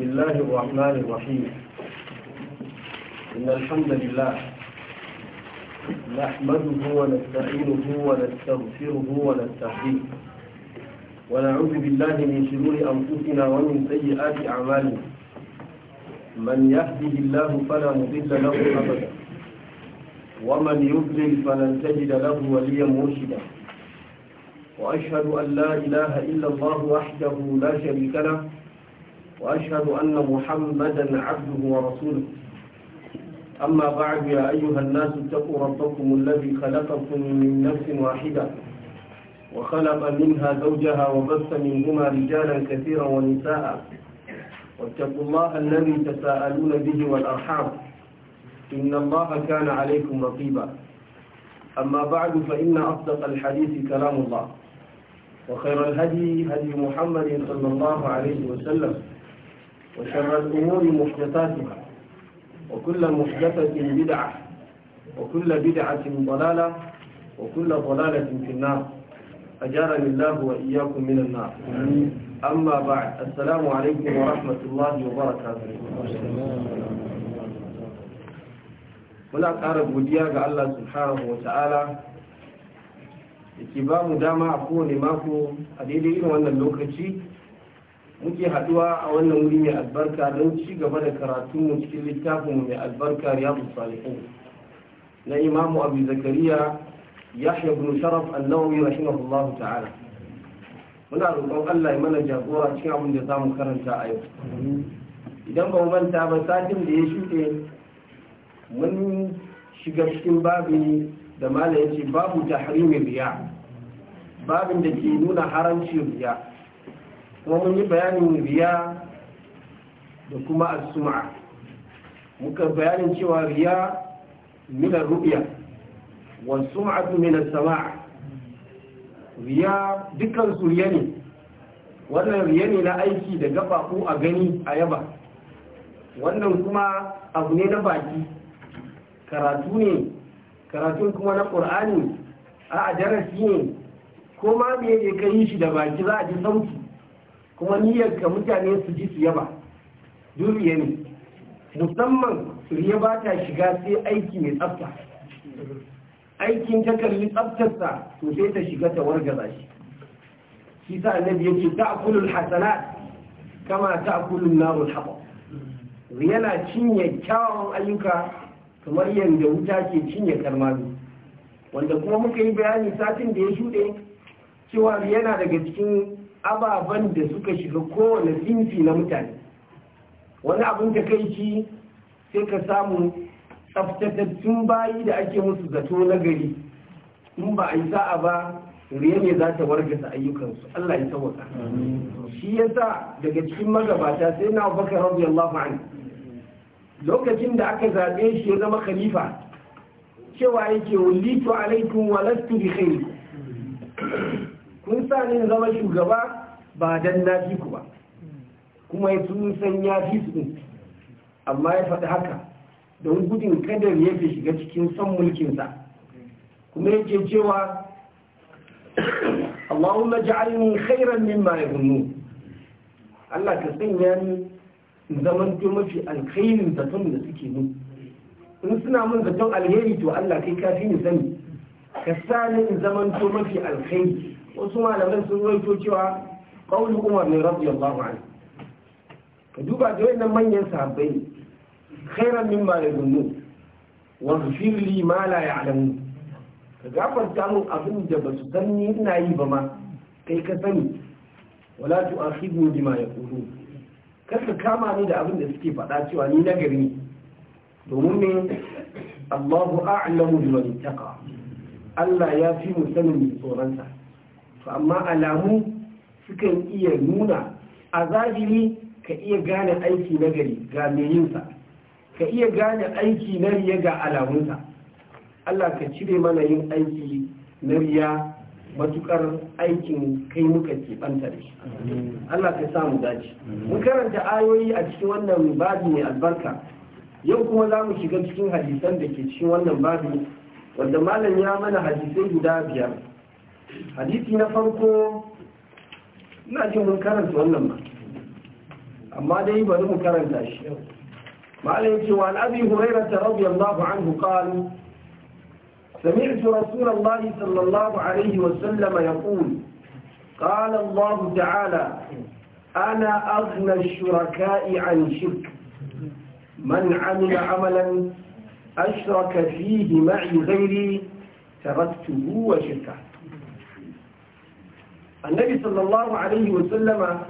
بسم الله الرحمن الرحيم إن الحمد لله نحمده ونستعينه ونستغفره ونستهديه ونعوذ بالله من شرور أنفسنا ومن سيئات أعمالنا من يهده الله فلا مضل له أبدا ومن يضلل فلن تجد له وليا مرشدا وأشهد أن لا إله إلا الله وحده لا شريك له وأشهد أن محمدا عبده ورسوله أما بعد يا أيها الناس اتقوا ربكم الذي خلقكم من نفس واحدة وخلق منها زوجها وبث منهما رجالا كثيرا ونساء واتقوا الله الذي تساءلون به والأرحام إن الله كان عليكم رقيبا أما بعد فإن أصدق الحديث كلام الله وخير الهدي هدي محمد صلى الله عليه وسلم وشر الأمور محدثاتها وكل محدثة بدعة وكل بدعة ضلالة وكل ضلالة في النار أجارني الله وإياكم من النار أما بعد السلام عليكم ورحمة الله وبركاته ولا قارب godiya الله سبحانه وتعالى wa ta'ala da ke ba mu dama a kowane mako a daidai irin wannan lokaci muke haduwa a wannan wuri mai albarka don ci gaba da karatunmu cikin littafin mai albarka riyadu salihin na imamu abu zakariya yahya bin sharaf annawawi rahimahullah ta'ala muna roƙon Allah ya mana jagora cikin abin da zamu karanta a yau idan ba mu manta ba satin da ya shuɗe mun shiga cikin babi da mala ce babu tahrimin riya babin da ke nuna haramci riya kuma mun yi bayanin riya da kuma asuma muka bayanin cewa riya ar ru'ya wa sum'atu as sama' riya dukkan su riya ne wannan riya ne na aiki da gabaku a gani a yaba wannan kuma abu ne na baki karatu ne karatun kuma na ƙur'ani a darasi ne ko ma me ka yi shi da baki za a ji sauki kuma niyyar ka mutane su ji su yaba duriya ne musamman riya ba ta shiga sai aiki mai tsafta aikin ta kalli tsaftarsa to sai ta shiga ta wargaza shi shi sa annabi yake ta'kulul hasanat kama ta'kulun narul yana cinye kyawawan ayyuka kamar yadda wuta ke cinye karmami wanda kuma muka yi bayani satin da ya shuɗe cewa yana daga cikin ababen da suka shiga kowane tsinti na mutane wani abin takaici kai ci sai ka samu tsaftatattun bayi da ake musu zato na gari in ba a yi sa'a ba riya ne za ta wargasa ayyukansu Allah ya tawaka shi ya sa daga cikin magabata sai na Abubakar radiyallahu anhu lokacin da aka zaɓe shi ya zama khalifa cewa yake wallitu alaikum walastu lastu bi khairikum mun sa ne zama shugaba ba dan na fi ku ba kuma sun san ya fi su ɗin amma ya faɗi haka don gudun kadar ya fi shiga cikin son mulkinsa kuma ya ce cewa Allahumma ja'alni khairan ya hunnu Allah ka sanya ni zaman to mafi alkhairin zaton da suke mun in suna mun zaton alheri to Allah kai kafi ni sani ka sa ni in zaman to mafi alkhairi wasu malaman sun rawaito cewa qaulu umar ne radiyallahu anhu ka duba da wannan manyan sahabbai khairan mimma yadunnu wa ghfir li ma la ya'lamu ka gafarta mun abin da ba su san ni ina yi ba ma kai ka sani wala tu'akhidni bima yaqulun kar ka kama ni da abin da suke faɗa cewa ni nagari ne domin ne Allahu a'lamu bi man Allah ya fi mu sanin tsoronsa to amma alamu sukan iya nuna a zahiri ka iya gane aiki na gari ga meyinsa ka iya gane aiki na riya ga alamunsa Allah ka cire mana yin aiki na riya matukar aikin kai muka keɓanta da shi Allah ka samu dace mun karanta ayoyi a cikin wannan babi mai albarka yau kuma za mu shiga cikin hadisan da ke cikin wannan babi wanda malam ya mana hadisai guda biyar hadisi na farko na jin mun karanta wannan ba amma dai bari mu karanta shi malai cewa an abi hurairah radiyallahu anhu qala سمعت رسول الله صلى الله عليه وسلم يقول قال الله تعالى أنا أغنى الشركاء عن شرك من عمل عملا أشرك فيه معي غيري تركته وشركه annabi sallallahu alaihi wasallama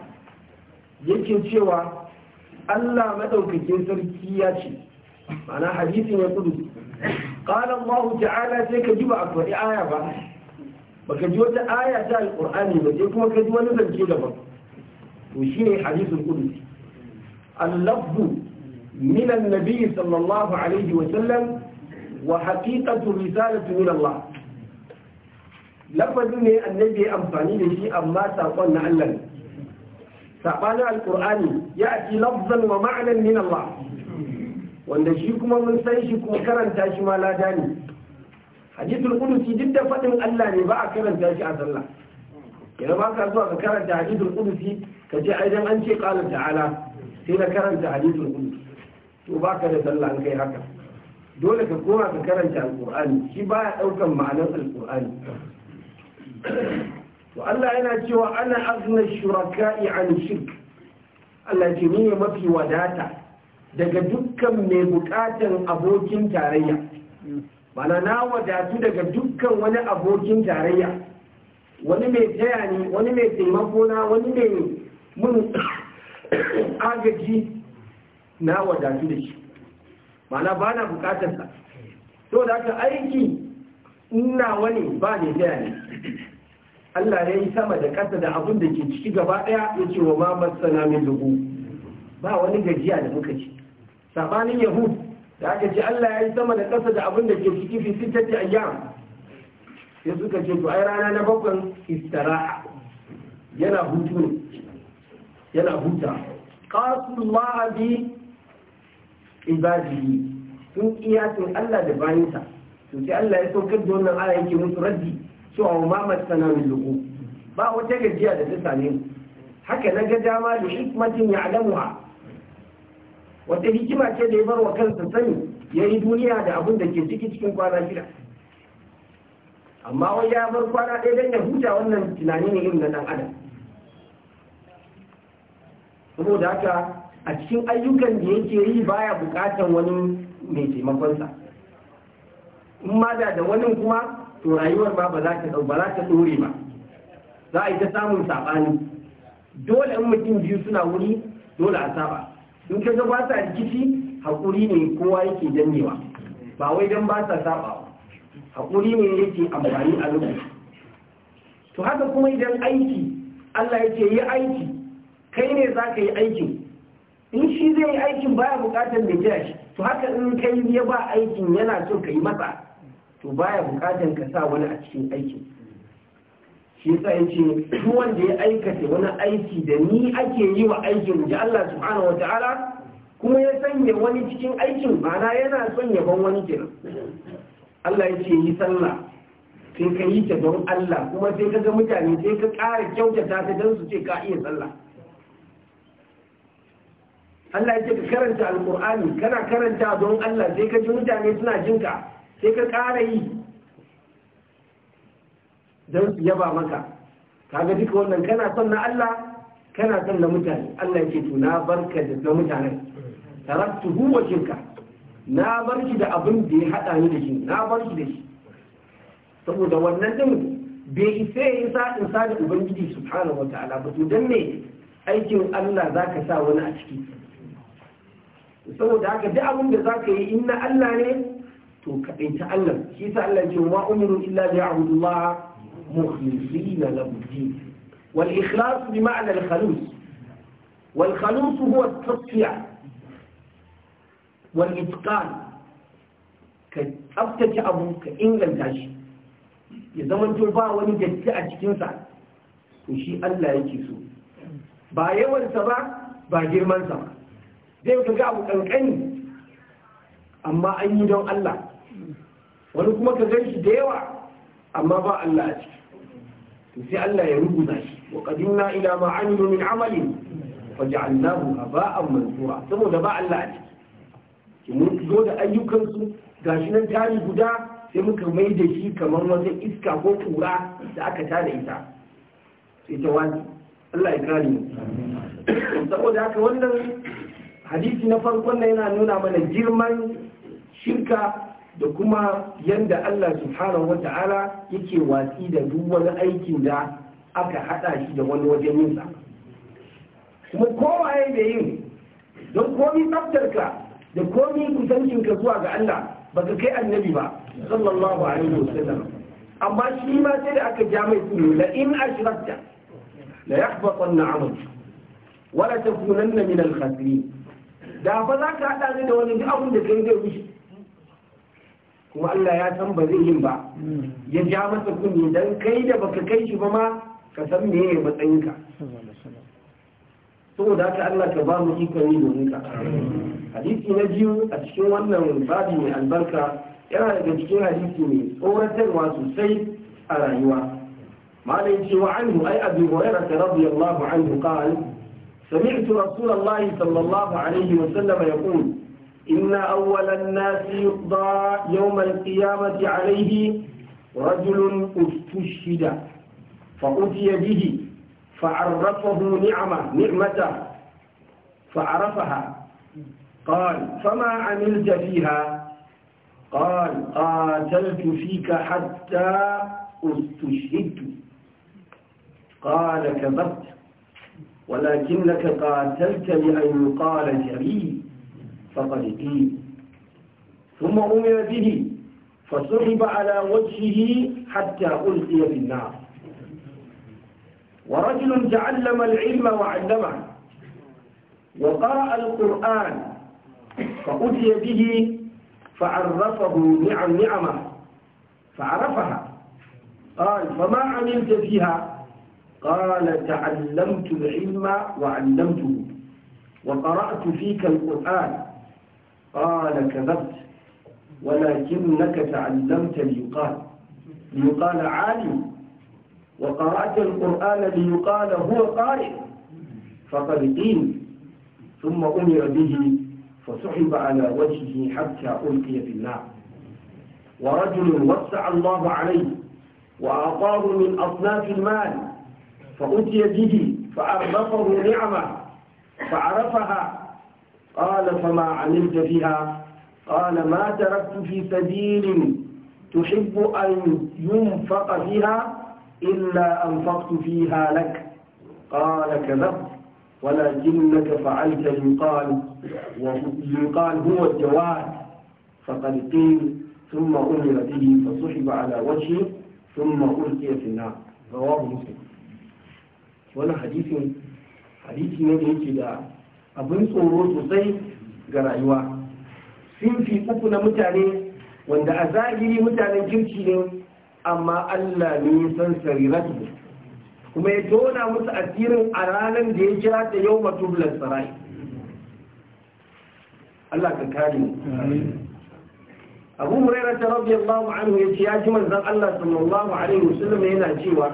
yake cewa Allah madaukakin sarki ya ce mana hadisin ya kudu qala Allah ta'ala sai ka ji ba a faɗi aya ba baka ji wata aya ta alqur'ani ba sai kuma ka ji wani zance daban to shine hadisin kudu al-lafzu min an-nabi sallallahu alaihi wasallam wa haqiqatu risalatu min Allah lafazi ne annabi ya amfani da shi amma saƙon na Allah ne saɓanin alƙur'ani ya ake lafzan wa ma'anan min Allah wanda shi kuma mun san shi kuma karanta shi ma lada ne hadithul qudusi duk da faɗin Allah ne ba a karanta shi a sallah yana ba ka zuwa ka karanta hadithul qudusi ka ce ai dan an ce qala ta'ala sai ka karanta hadithul qudusi to ba ka da sallah an kai haka dole ka koma ka karanta Alƙur'ani shi baya ɗaukan ma'anar Alƙur'ani. to Allah yana cewa ana azna shuraka'i an shirk Allah ce ne mafi wadata daga dukkan mai bukatan abokin tarayya bana na wadatu daga dukkan wani abokin tarayya wani mai taya ni wani mai taimako na wani mai mun agaji na wadatu da shi mana bana bukatarsa to da aka aiki ina wani ba ne taya ne Allah ya yi sama da ƙasa da abin da ke ciki gaba ɗaya ya ce wa ma masana min dubu ba wani gajiya da muka ci sabanin yahud da aka ce Allah ya yi sama da ƙasa da abin da ke ciki fi ta ayyam sai suka ce to ai rana na bakwai istiraha yana hutu ne yana huta qasullah bi ibadihi sun kiyasin Allah da bayinsa to sai Allah ya saukar da wannan aya musu raddi cewa a umarmar min luku ba wata gajiya da ta same haka na ga dama da hikmatin ya alamuwa wata hikima ce da ya bar wa kansa sani ya yi duniya da abin da ke ciki cikin kwana shida amma wai ya bar kwana ɗaya don ya huta wannan tunani ne irin na ɗan adam saboda haka a cikin ayyukan da yake yi baya bukatan wani mai taimakonsa in ma da wani kuma to rayuwar ma ba za ta dau ba za ta dore ba za a yi ta samun sabani dole in mutum biyu suna wuri dole a saba in ka ga ba sa rikici hakuri ne kowa yake dannewa ba wai dan ba sa saba hakuri ne yake amfani a lokaci to haka kuma idan aiki Allah yake yi aiki kai ne za ka yi aikin in shi zai yi aikin baya bukatar mai shi to haka in kai ya ba aikin yana so ka yi masa to baya bukatan ka sa wani a cikin aikin shi yasa in ce duk wanda ya aikata wani aiki da ni ake yi wa aikin ji Allah subhanahu wa ta'ala kuma ya sanya wani cikin aikin bana yana son yaban wani kenan Allah ya ce yi sallah sai ka yi ta don Allah kuma sai ka ga mutane sai ka ƙara kyautata ta don su ce ka iya sallah Allah ya ce ka karanta Alkur'ani, kana karanta don Allah sai ka ji mutane suna jinka sai ka ƙara yi don su yaba maka kaga duka wannan kana son na Allah kana son na mutane Allah ce to na barka da na mutanen tarattu huwa shirka na barki da abin da ya hada ni da shi na barki da shi saboda wannan din bai isa ya isa in sa da ubangiji subhanahu wataala ba to dan ne aikin Allah zaka sa wani a ciki saboda haka duk abin da zaka yi in na Allah ne to kaɗaita Allah shi sa Allah ce wa umiru illa bi abdullah mukhlisina lahu din wal ikhlas bi ma'na al khalus wal khalus huwa at tasfiya wal itqan ka tsaftace abu ka inganta shi ya zama to ba wani datti a cikin sa to shi Allah yake so ba yawansa ba ba girmansa ba zai ka ga abu kankani amma an yi don Allah wani kuma ka gan shi da yawa amma ba Allah a ciki to sai Allah ya rubuta shi wa qadimna ila ma amilu min amalin faj'alnahu haba'an mansura saboda ba Allah a ciki mun zo da ayyukan su gashi nan tari guda sai muka mai da shi kamar wata iska ko kura da aka tada ita sai ta wani Allah ya kare mu saboda haka wannan hadisi na farkon nan yana nuna mana girman shirka da kuma yadda Allah subhanahu wata'ala yake watsi da duk wani aikin da aka hada shi da wani wajen yin sa kuma kowaye da yin don komi tsaftarka da komi kusancinka zuwa ga Allah ba ka kai annabi ba sallallahu alaihi wasallam amma shi ma sai da aka ja mai tsoro la in ashrakta la yahbatanna amal wala takunanna min al-khasirin da za ka hada ni da wani abun da kai zai wuce kuma Allah ya san ba zai yin ba hmm. ya ja masa kunni dan kai da baka kai shi ba ma ka san me ya matsayinka saboda haka Allah ka ba mu ikon domin ka hmm. hadisi na biyu a cikin wannan babi mai albarka yana daga cikin hadisi mai tsoratarwa sosai a rayuwa malai cewa anhu ai abu hurairah radiyallahu anhu qala sami'tu rasulullahi sallallahu alaihi wa sallam yaqul إن أول الناس يقضى يوم القيامة عليه رجل استشهد فأتي به فعرفه نعمة نعمته فعرفها قال فما عملت فيها قال قاتلت فيك حتى استشهدت قال كذبت ولكنك قاتلت لأن يقال جريء فقد قيل ثم أمر به فسحب على وجهه حتى ألقي بالنار ورجل تعلم العلم وعلمه وقرأ القرآن فأتي به فعرفه نعم نعمه فعرفها قال فما عملت فيها قال تعلمت العلم وعلمته وقرأت فيك القرآن قال كذبت ولكنك تعلمت ليقال ليقال عالم وقرأت القرآن ليقال هو قارئ فقد قيل ثم أمر به فسحب على وجهه حتى ألقي في النار ورجل وسع الله عليه وأعطاه من أصناف المال فأتي به فعرفه نعمه فعرفها قال فما علمت فيها قال ما تركت في سبيل تحب أن ينفق فيها إلا أنفقت فيها لك قال كذبت ولكنك فعلت يقال يقال هو الجواد فقد قيل ثم أمر به فصحب على وجهه ثم ألقي في النار رواه مسلم وأنا حديث حديث نبي كده abin tsoro sosai ga rayuwa Sun fi uku na mutane wanda a zahiri mutanen kirki ne amma Allah ne san sariratu kuma ya tona musu asirin a ranar da ya kira ta yau matubular sarai Allah ka kare mu abu huraira ta rabbi allahu anhu ya ce ya ji manzan allah sallallahu alaihi wasallam yana cewa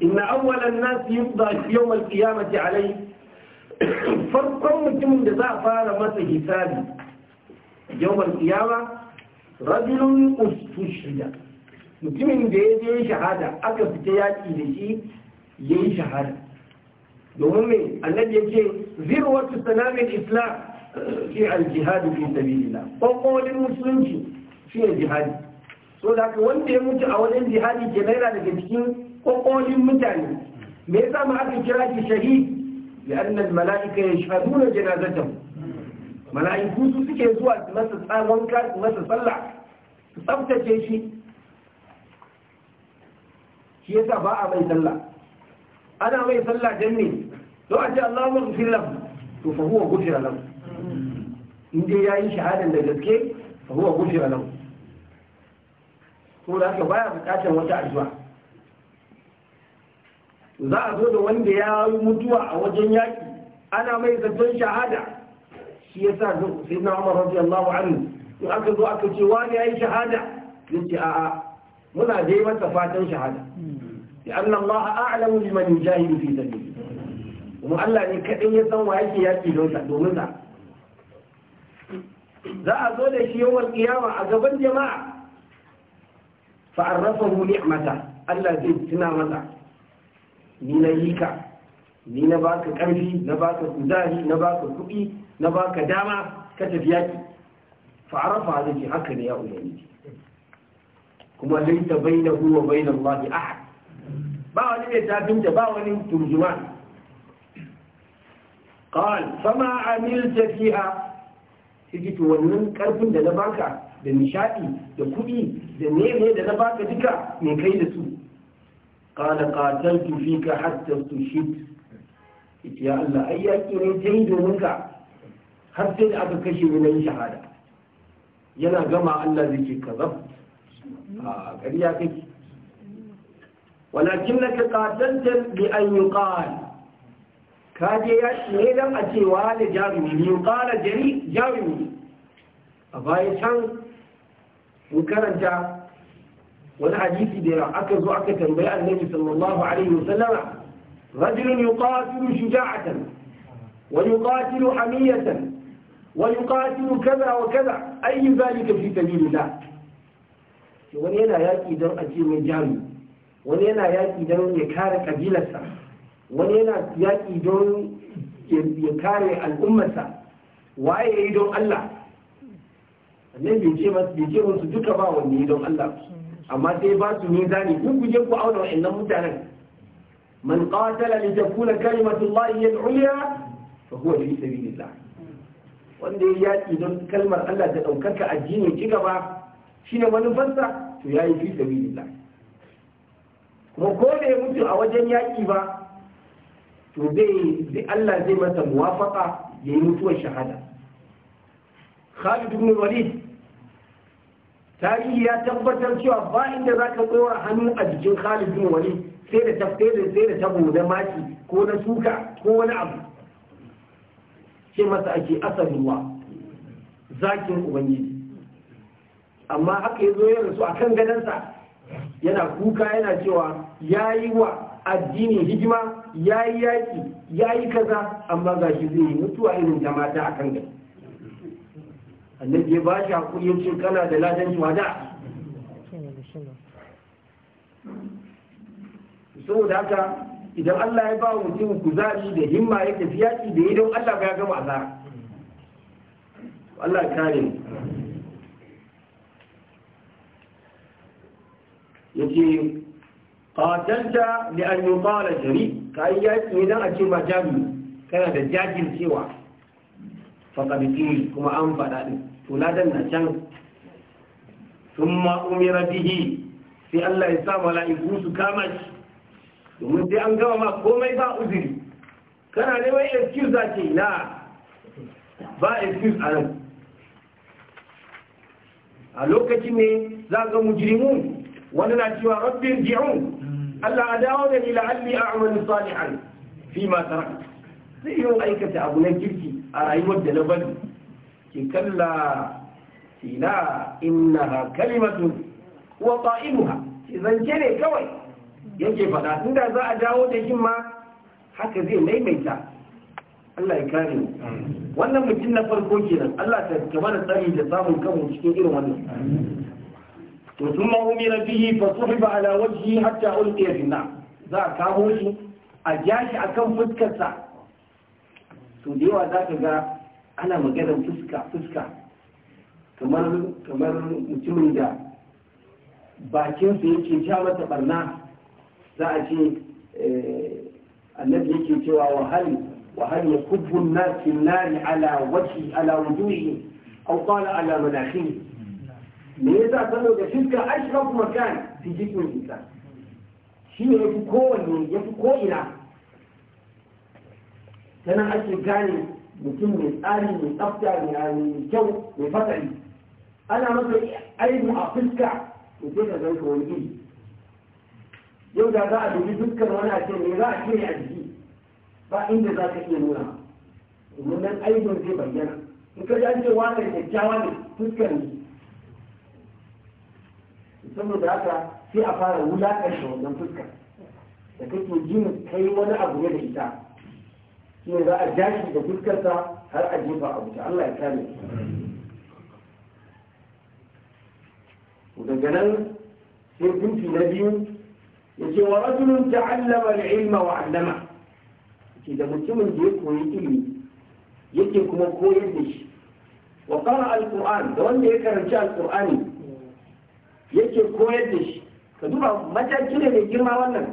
inna awwalan nas yuqda fi yawm al-qiyamati alayhi farkon mutumin da za a fara masa hisabi yawon kiyama rajulun ustushida mutumin da ya je shahada aka fita yaƙi da shi ya yi shahada domin mai annabi ya ce su sanamin islam shi aljihadu fi sabilillah kokolin musulunci shi ne jihadi so da haka wanda ya mutu a wajen jihadi ke naira daga cikin kokolin mutane me yasa ma aka kira shi shahid لأن الملائكة يشهدون جنازته mala'iku su suke zuwa su masa tsawon ka su masa sallah su tsaftace shi shi yasa ba a mai sallah ana mai sallah dan ne to a ce Allah mu fi lahu to fa huwa gufira lahu in dai yayi shahadan da gaske fa huwa gufira lahu to da haka baya bukatar wata addu'a za a zo da wanda ya yi mutuwa a wajen yaki ana mai zaton shahada shi ya sa sai na umar radiyallahu anhu in aka zo aka ce wani ya yi shahada ya ce a'a muna dai masa fatan shahada ya annan ma a a'lamu liman yujahidu fi sabili kuma Allah ne kadai ya san wa yake yaki don sa domin sa za a zo da shi yawan kiyama a gaban jama'a fa arrafahu ni'mata Allah zai tuna mata. ni na yi ka ni na baka ƙarfi na baka kuzari na baka kuɗi na baka dama ka tafi yaki fa'arafa zai haka ne ya ubangiji kuma ta bai na bainahu bai na lahi ahad ba wani mai tafinta ba wani turjuman قال فما عملت فيها سيجي wannan karfin da na baka da nishadi da kudi da neme da na baka duka me kai da su قال قاتلت فيك حتى استشهدت يا الله أي أكيد جيد منك حتى أبكش من الشهادة ينا جمع الله ذيك كذب قريا آه كي ولكنك قاتلت بأن يقال كاجي يا شهيدا أتي وعلى جارمي يقال جري جارمي أبايشان وكرنجا wani hadisi da aka zo aka tambayi annabi sallallahu alaihi wasallam rajulun yuqatilu shuja'atan wa yuqatilu hamiyatan wa yuqatilu kaza wa kaza ayi zalika fi sabilillah wani yana yaki don aje mai jami wani yana yaki don ya kare kabilarsa wani yana yaki don ya kare al'ummarsa waye yi don Allah annabi bai ce musu duka ba wanda yi don Allah amma sai ba su zane ku ku je ku auna wa'annan mutanen man qatala li takuna kalimatullahi hiya al-ulya fa huwa fi sabilillah wanda ya yaki don kalmar Allah ta daukaka addini ci gaba shine manufarsa to yayi fi sabilillah kuma ko da ya mutu a wajen yaki ba to zai zai Allah zai masa muwafaqa yayi mutuwar shahada Khalid ibn Walid tarihi ya tabbatar cewa ba inda za ka tsora hannu a jikin Khalid bin Walid sai da tafsirin sai da tabo na maki ko na suka ko wani abu ce masa ake wa zakin ubangiji amma haka ya zo ya rasu a kan gadansa yana kuka yana cewa ya yi wa addini hijima ya yi yaƙi ya yi kaza amma ga shi zai yi mutuwa irin ta mata a kan gani annabi ya bashi hakuri ya ce kana da ladan wada saboda haka idan Allah ya ba mutum kuzari da himma ya tafi yaki da idan Allah ya gama azara Allah ya kare mu yace qatalta li an yuqala jari kai yaki idan a ce ba jami kana da jajircewa cewa faqad qil kuma an faɗa din to ladan na can thumma umira bihi sai Allah ya sa mala'iku su kama shi domin sai an gama ma komai ba uzuri kana neman excuse za ce na ba excuse a nan a lokacin ne za ga mujrimun wani na cewa rabbin ji'un Allah a dawo da ni la'alli a amalin salihan fi ma tarak zai yi aikata abu na kirki a rayuwar da na bari ki kalla ila ina kalimatun wa qa'iluha ki zance ne kawai yake fada inda za a dawo da yin ma haka zai maimaita Allah ya kare mu wannan mutum na farko kenan Allah ta kama da tsari da samun kanmu cikin irin wannan to sun ma umira bihi fa suhiba ala wajhi hatta ulqiya fi za a kawo shi a jashi akan fuskarsa to da yawa za ka ga ana maganar fuska fuska kamar kamar mutumin da bakin su yake sha mata barna za a ce eh, annabi yake cewa wahali wahali ya kubbun nasi nari ala wajhi ala wujuhi aw qala ala manakhi me yasa sanu da fiska ashraf makan fi jikin insa shi ne yafi kowanne yafi ko ina sanan ake gane mutum mai tsari mai tsafta mai kyau mai fasari ana masa aibu a fuska to sai ka ka wani iri yau da za a dubi fuskar wani a ce za a ce a jiki ba inda za ka iya nuna domin nan aibun zai bayyana in ka ja ce wata kyakkyawa ne fuskar ne saboda haka sai a fara wulaƙar da wannan fuskar da kake jin kai wani abu ne da ita shi ne za a jashi da fuskarsa har a jefa a wuce Allah ya kame daga nan sai gunki na biyu ya ce wa rajulun ta'allama al-ilma wa 'allama ce da mutumin da ya koyi ilimi yake kuma koyar da shi wa qara al-qur'an da wanda ya karanci al-qur'ani yake koyar da shi ka duba mataki ne mai girma wannan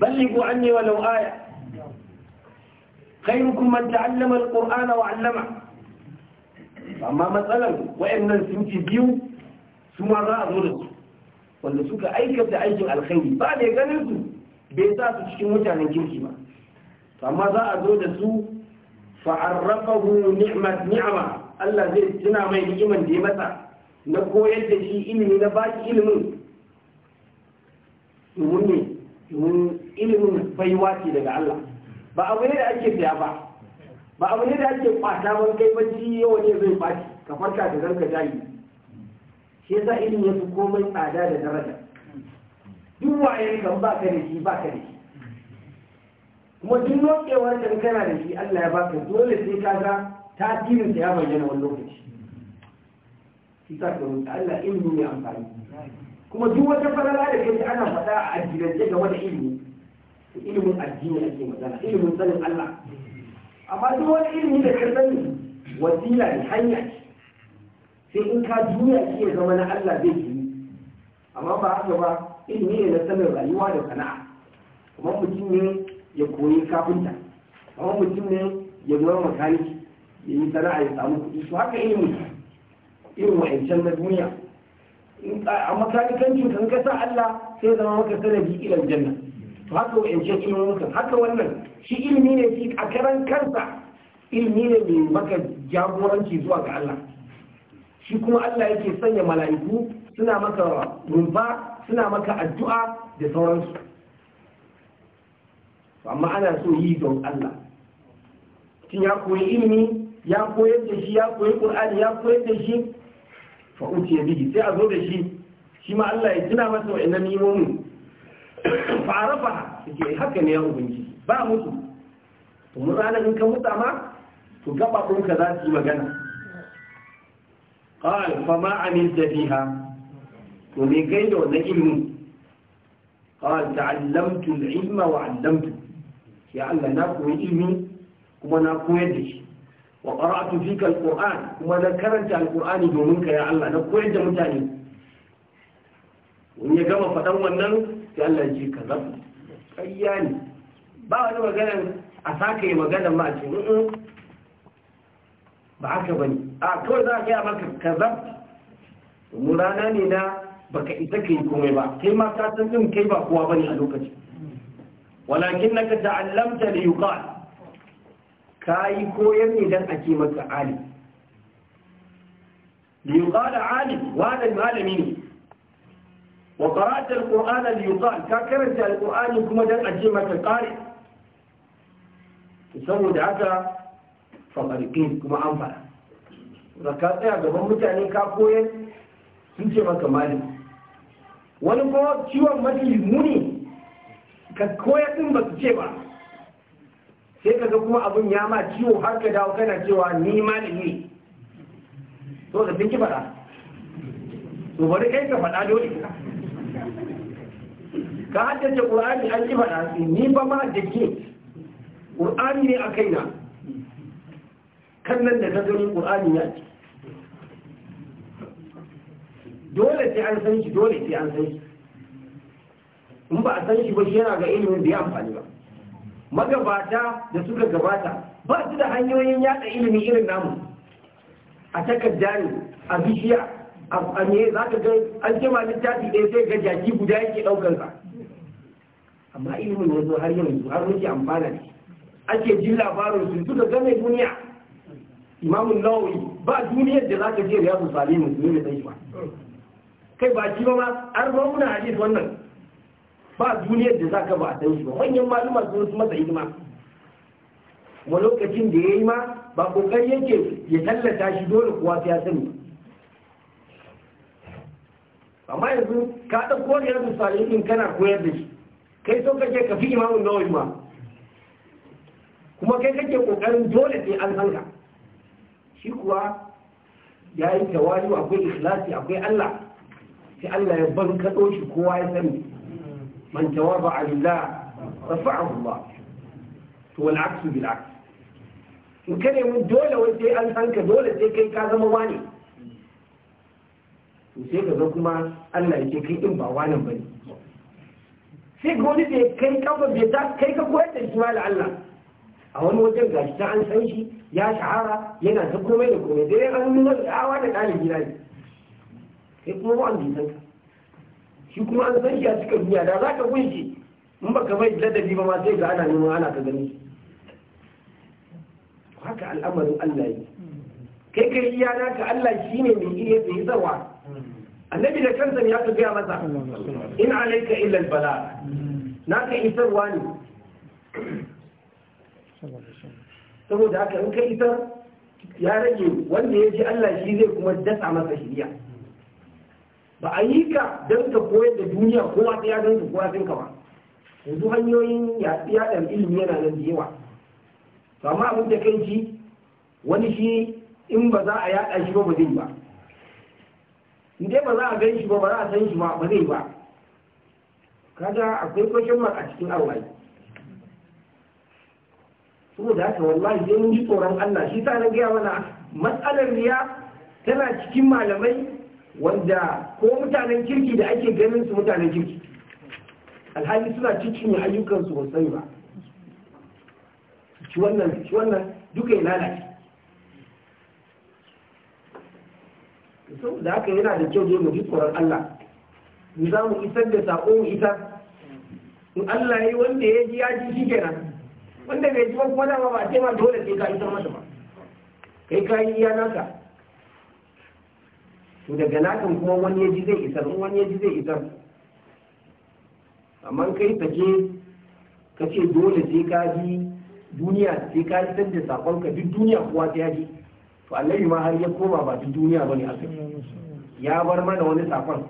an anni wa aya Kai man ta'allama alqur'ana wa 'allama amma matsalan wayannan sun biyu su ma za zo da su wanda suka aikata aikin alkhairi ba da ganin su bai sa su cikin mutanen kirki ba amma za zo da su fa'arrafahu ni'mat ni'ama Allah zai tuna mai ni'iman da ya masa na koyar da shi ilimi na baki ilimin domin baiwa ce daga Allah ba abu ne da ake siya ba ba abu ne da ake kwata ba kai bacci yawa ne zai baci ka farka da zarka jayi shi yasa ilimi ya fi komai tsada da daraja duk waye kan ba ka da shi ba ka da shi kuma duk lokewar da kana da shi Allah ya baka dole sai ka ga tasirin ya bayyana wani lokaci shi ta ko Allah ilimi ne amfani kuma duk wata falala da kai ana faɗa a addinance game da ilimi ilimin addini ake magana ilimin sanin Allah amma duk wani ilimi da ka sani wasila ne hanya ce sai in ka duniya shi ya zama na Allah zai yi amma ba haka ba ilimi ne na sanin rayuwa da sana'a kuma mutum ne ya koyi kafinta kuma mutum ne ya zama makaniki ya yi sana'a ya samu kuɗi to haka ilimi irin wa'ancan na duniya a makanikanci kan ka sa Allah sai zama maka sanadi ilan janna to haka wa'ance cikin haka wannan shi ilimi ne shi a karan kansa ilimi ne mai maka jagoranci zuwa ga Allah shi kuma Allah yake sanya mala'iku suna maka rumfa suna maka addu'a da sauransu amma ana so yi don Allah tun ya koyi ilimi ya koyar da shi ya koyi qur'ani ya koyar da shi fa'uci ya bihi sai a zo da shi shi ma Allah ya tuna masa wa'annan nimomin farafa suke haka ne yan ubinci ba mutu to mun rana in ka mutu amma to gababinka za su yi magana ƙawai fama amin jafiha to ne gai da wannan ilmi ƙawai ta'allamtu ilma wa allamtu ya Allah na koyi ilmi kuma na koyar da shi wa ƙaratu fi kalƙur'an kuma na karanta alƙur'ani domin ka Allah na koyar da mutane wani ya gama faɗan wannan sai Allah ce ka zaɓa ƙayya ne ba wani maganan a saka yi maganan ma a ce ba haka ba ne a kawai za a gaya maka ka zaɓa domin rana ne na baka isa ka yi komai ba kai ma ka san ɗin kai ba kowa ba ne a lokaci walakin na ka ta'allamta da yuƙal ka yi koyar ne don ake maka alim da yuƙal alim wadan malami ne wa qara'ta al-qur'ana li yuqal ka karanta al-qur'ani kuma dan aje maka qari saboda haka famarkin kuma an fara da ka tsaya gaban mutane ka koyar sun ce maka malin wani kuma ciwon mafi muni ka koya din ba su ce ba sai ka ga kuma abun ya ma ciwo har ka dawo kana cewa ni malami ne to da sun ki faɗa to bari kai ka faɗa dole ka haddace ƙur'ani an ƙi faɗa ni ba ma da ke ƙur'ani ne a kaina kan nan da ka gani ƙur'ani ya ce dole sai an san shi dole sai an san shi in ba a san shi ba shi yana ga ilimin da ya amfani ba magabata da suka gabata ba su da hanyoyin yada ilimi irin namu a takarda ne a bishiya a ne za ka ga an jima littafi ɗaya sai ga jaki guda yake ɗaukansa amma ilimin ya zo har yanzu har wuce amfana ne ake jin labarin su duka game duniya imamun nawawi ba duniyar da zaka je riyadu salihin musulmi ne sai ba kai ba shi ba ma an ba muna hadis wannan ba duniyar da za ka ba a san shi ba manyan maluma sun su masa ilima wa lokacin da ya yi ma ba kokari yake ya tallata shi dole kuwa sai ya sani amma yanzu ka ɗauko riyadu salihin kana koyar da shi kai so kake ka fi imamun nawawi ma kuma kai kake kokarin dole sai an sanka shi kuwa ya yi tawali akwai ikhlasi akwai Allah sai Allah ya ban kaɗo shi kowa ya sani man tawaba alillah rafa'ahu Allah to wal aksu bil aks in kane mun dole wai sai an sanka dole sai kai ka zama wani to sai ka ga kuma Allah yake kai din ba wani bane sai ga wani bai kai kafa bai za kai ka koyar da shi ma Allah a wani wajen ga ta an san shi ya shahara yana ta komai da komai dai an nuna da awa da ɗalibi na ne kai kuma ba an bi san ka shi kuma an san shi a cikin duniya da za ka gunshi in ba ka mai ladabi ba ma sai ga ana neman ana ta gani haka al'amarin Allah ne kai kai iya naka Allah shi ne mai iya bai zawa annabi da kansa ya ka gaya masa in alaika illa bala na ka isarwa ne saboda haka in ka isar ya rage wanda ya ji Allah shi zai kuma dasa masa shiriya ba a yi ka don ka koyar da duniya kowa ta ya don kowa sun ka ba yanzu hanyoyin yaɗar ilimi yana nan da yawa amma abin da kai wani shi in ba za a yaɗa shi ba ba zai ba in dai ba za a gan shi ba ba za a san shi ba ba zai ba kaga akwai kwashin ma a cikin arwayi saboda haka wallahi sai mun ji tsoron Allah shi sa na gaya mana matsalar riya tana cikin malamai wanda ko mutanen kirki da ake ganin su mutanen kirki alhali suna cikin ayyukan su ba sai ba shi wannan wannan duka ya lalace da haka yana da kyau dai mu ji Allah mu za mu isar da saƙo mu isa in Allah ya yi wanda ya ji ya ji shi nan wanda bai ji kuma dama ba ce ma dole sai ka isar masa ba kai ka yi iya naka to daga nakan kuma wani ya ji zai isar in wani ya ji zai isar amma kai sake ka ce dole sai ka ji duniya sai ka isar da sakonka duk duniya kuwa sai ya ji to annabi ma har ya koma ba ta duniya ba ne aka ya bar mana wani safon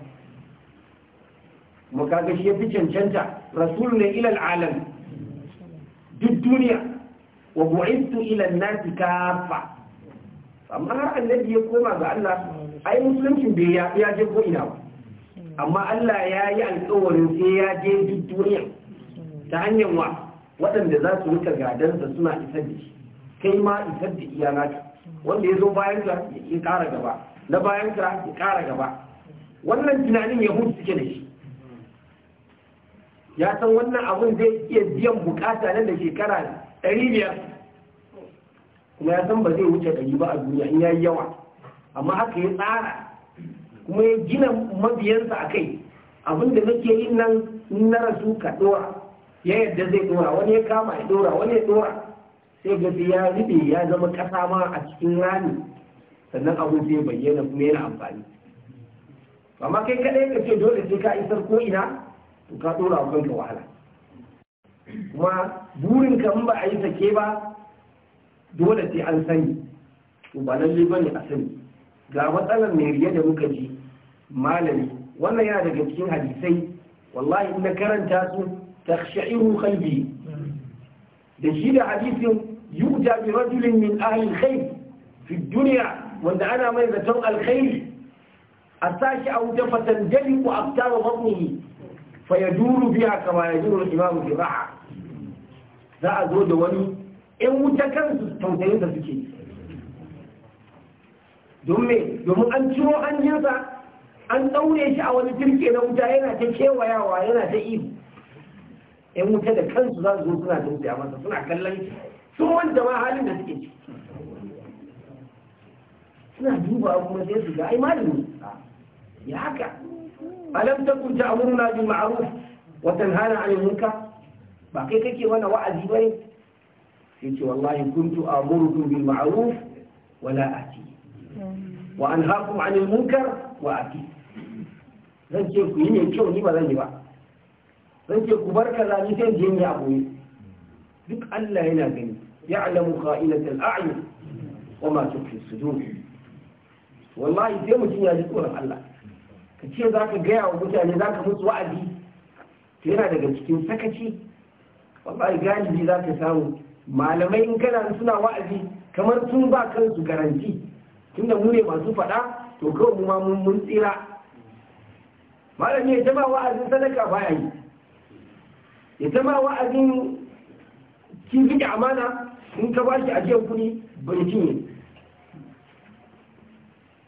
mu kaga shi ya fi cancanta rasul ne ilal alam duk duniya wa bu'ithu ila an-nasi kaffa amma har annabi ya koma ga Allah ai musulunci bai ya ya je ko ina ba amma Allah ya yi alƙawarin sai ya je duk duniya ta hanyar wa waɗanda za su rika gadansa suna isar da shi kai ma isar da iyanaka wanda ya zo bayan sa ya ƙara gaba na bayan sa ya ƙara gaba wannan tunanin ya hutu suke da shi ya san wannan abin zai iya biyan bukata nan da shekara ɗari biyar kuma ya san ba zai wuce ɗari ba a duniya in ya yi yawa amma haka ya tsara kuma ya gina mabiyansa a kai abin da nake yin nan na rasu ka ɗora ya yadda zai ɗora wani ya kama ya ɗora wani ya ɗora sai ga ya rube ya zama kasa ma a cikin rami sannan abin zai bayyana kuma yana amfani amma kai kaɗai ka ce dole sai ka isar ko ina to ka ɗora wa kanka wahala kuma burin ka ba a yi sake ba dole sai an sani to ba ne bane a sani ga matsalar mai riya da muka ji malami wannan yana daga cikin hadisai wallahi ina na karanta su takhsha'iru qalbi da shi da hadisin يؤتى برجل من أهل الخير في الدنيا وأن أنا ميزة الخير أساش أو جفة تنجلق أبتار بطنه فيدور بها كما يدور الإمام في راحة لا أزود ولي إن متكرس تنتين تسكي دمي يوم أن تروا أن جنسا أن تولي إشاء ولتركي لو جاهنا تكيويا وعينا تئيب إن متكرس ذا أزود ولي أما تصنع كلا يشاء sun wanda ma halin da suke ci suna duba kuma sai su ga ai malami ya haka alam amuru na bin ma'ruf wa tanhana 'anil munkar ba kai kake mana wa'azi bane sai ce wallahi kuntu amurukum bil ma'ruf wa la ati wa anhaakum 'anil munkar wa ati zan ce ku yi ne kyau ni ba zan yi ba zan ce ku bar kaza ni sai je ni abu duk Allah yana gani alamu kha'inatal a'yun wa ma tukhfi sudur wallahi sai mutum ya ji tsoron Allah ka ce zaka gaya wa mutane zaka mutu wa'azi to yana daga cikin sakaci wallahi galibi zaka samu malamai in kana suna wa'azi kamar sun ba kansu garanti tunda mu ne masu faɗa to kawai mu ma mun tsira malami ya taba wa'azin sadaka baya yi ya taba wa'azin kin da amana in ka bashi ajiyar kuɗi bai cinye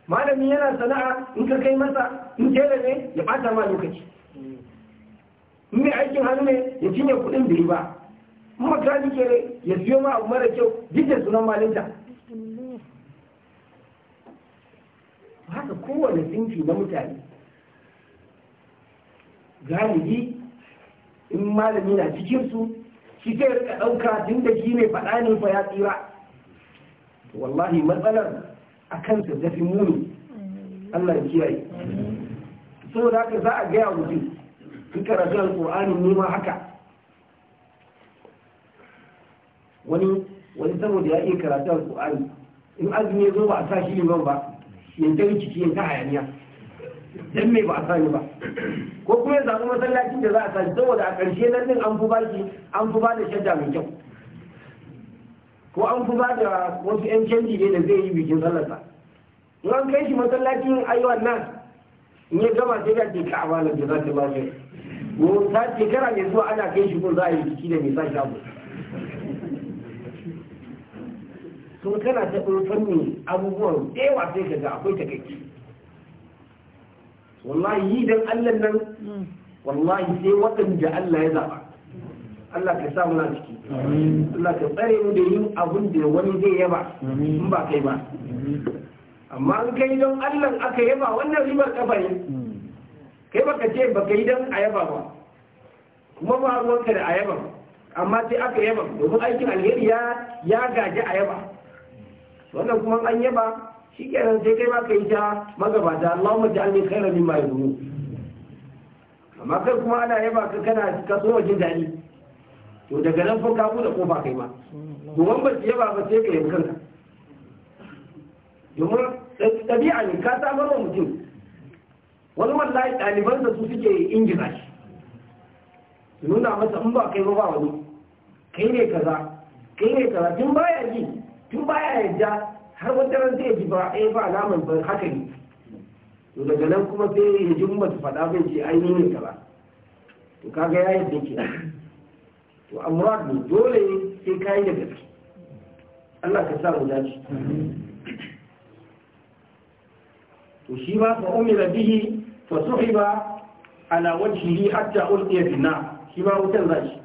malami yana sana'a in ka kai masa in tela ne ya bata ma lokaci in mai aikin hannu ne ya cinye kuɗin bai ba ji ke ne ya siyo ma abu mara kyau duk da sunan malinta haka kowane tsinki na mutane galibi in malami na cikinsu shi zai rika ɗauka tun da shi ne faɗa ne fa ya tsira wallahi matsalar a kansa ta fi muni Allah ya kiyaye saboda haka za a gaya mutum in karatu alƙur'ani ne ma haka wani wani saboda ya iya karatu qur'ani in azumi ya zo ba a sa shi liman ba ya ta rikici ta hayaniya don me ba a sani ba ko kuma yanzu zaɓi masallacin da za a sani saboda a ƙarshe nan din an fi ba ki an fi ba da shadda mai kyau ko an fi ba da wasu 'yan canji ne da zai yi bikin sallarsa in an kai shi masallacin ayyuan nan in ya gama sai ga ke ka'aba na da za ta ba shi ko ta shekara mai zuwa ana kai shi ko za a yi biki da mai sa shi abu sun kana ta fanni abubuwan ɗaya yawa sai ka ga akwai takaici wallahi yi don allan nan hmm. wallahi sai waɗanda Allah ya zaɓa Allah ka sa muna ciki Allah ka tsare mu da yin abin da wani zai yaba in ba kai ba amma an kai don allan aka yaba wannan ribar kafa ne hmm. kai baka ce ka yi don a yaba ba kuma ba ruwanka da a yaba ba amma sai aka yaba domin aikin alheri ya gaji a yaba wannan kuma an yaba shi kenan sai kai ba ka yi ta magabata mu ja'alni khairan mimma yaqulu amma kai kuma ana yaba ka kana ka so jin daɗi to daga nan fa ka bude kofa kai ma domin ba yaba ba sai kai yi kanka domin tabi'a ne ka samar wa mutum wani wallahi ɗalibansa su suke ingiza shi su nuna masa in ba kai ba wani kai ne kaza kai ne kaza tun baya ji tun baya yadda har wata ran zai ji ba yi eh, ba alamar ban haka ne to daga nan kuma sai ya ji umma ta faɗa bai ce ai ne ka ba to kaga ya da ke to amma ne dole sai kai da gaske Allah ka sa mu dace to shi ba fa umira bihi fa suhiba ala wajhihi hatta ulqiya fi na shi ba wutan zashi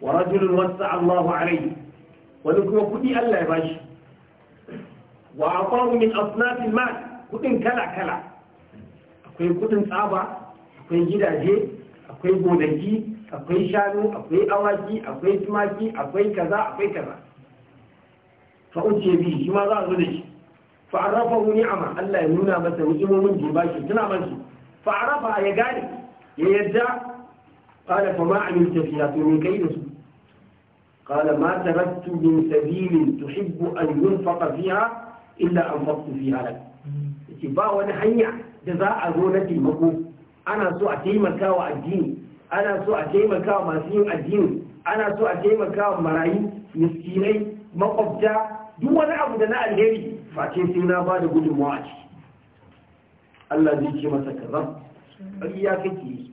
wa rajulun wasa Allahu alayhi wani kuma kudi Allah ya bashi وأعطاه من أصناف المال كتن كلا كلا أكوي كتن صعبة أكوي جي أكوي بودجي أكوي شانو أكوي أواجي أكوي تماكي أكوي كذا أكوي كذا فأتي به شما ذا غلش فعرفه نعمة الله يمنى بس وجمه من جباشي تنعمل فعرفها يقالي يرجع قال فما عملت فيها من كيدس قال ما تركت من سبيل تحب أن ينفق فيها illa an fasu fi halak yace ba wani hanya da za a zo na taimako ana so a taimaka wa addini ana so a taimaka wa masu yin addini ana so a taimaka wa marayu miskinai makwabta duk wani abu da na alheri face sai na ba da gudunmawa a ciki Allah zai ce masa kaza ya kake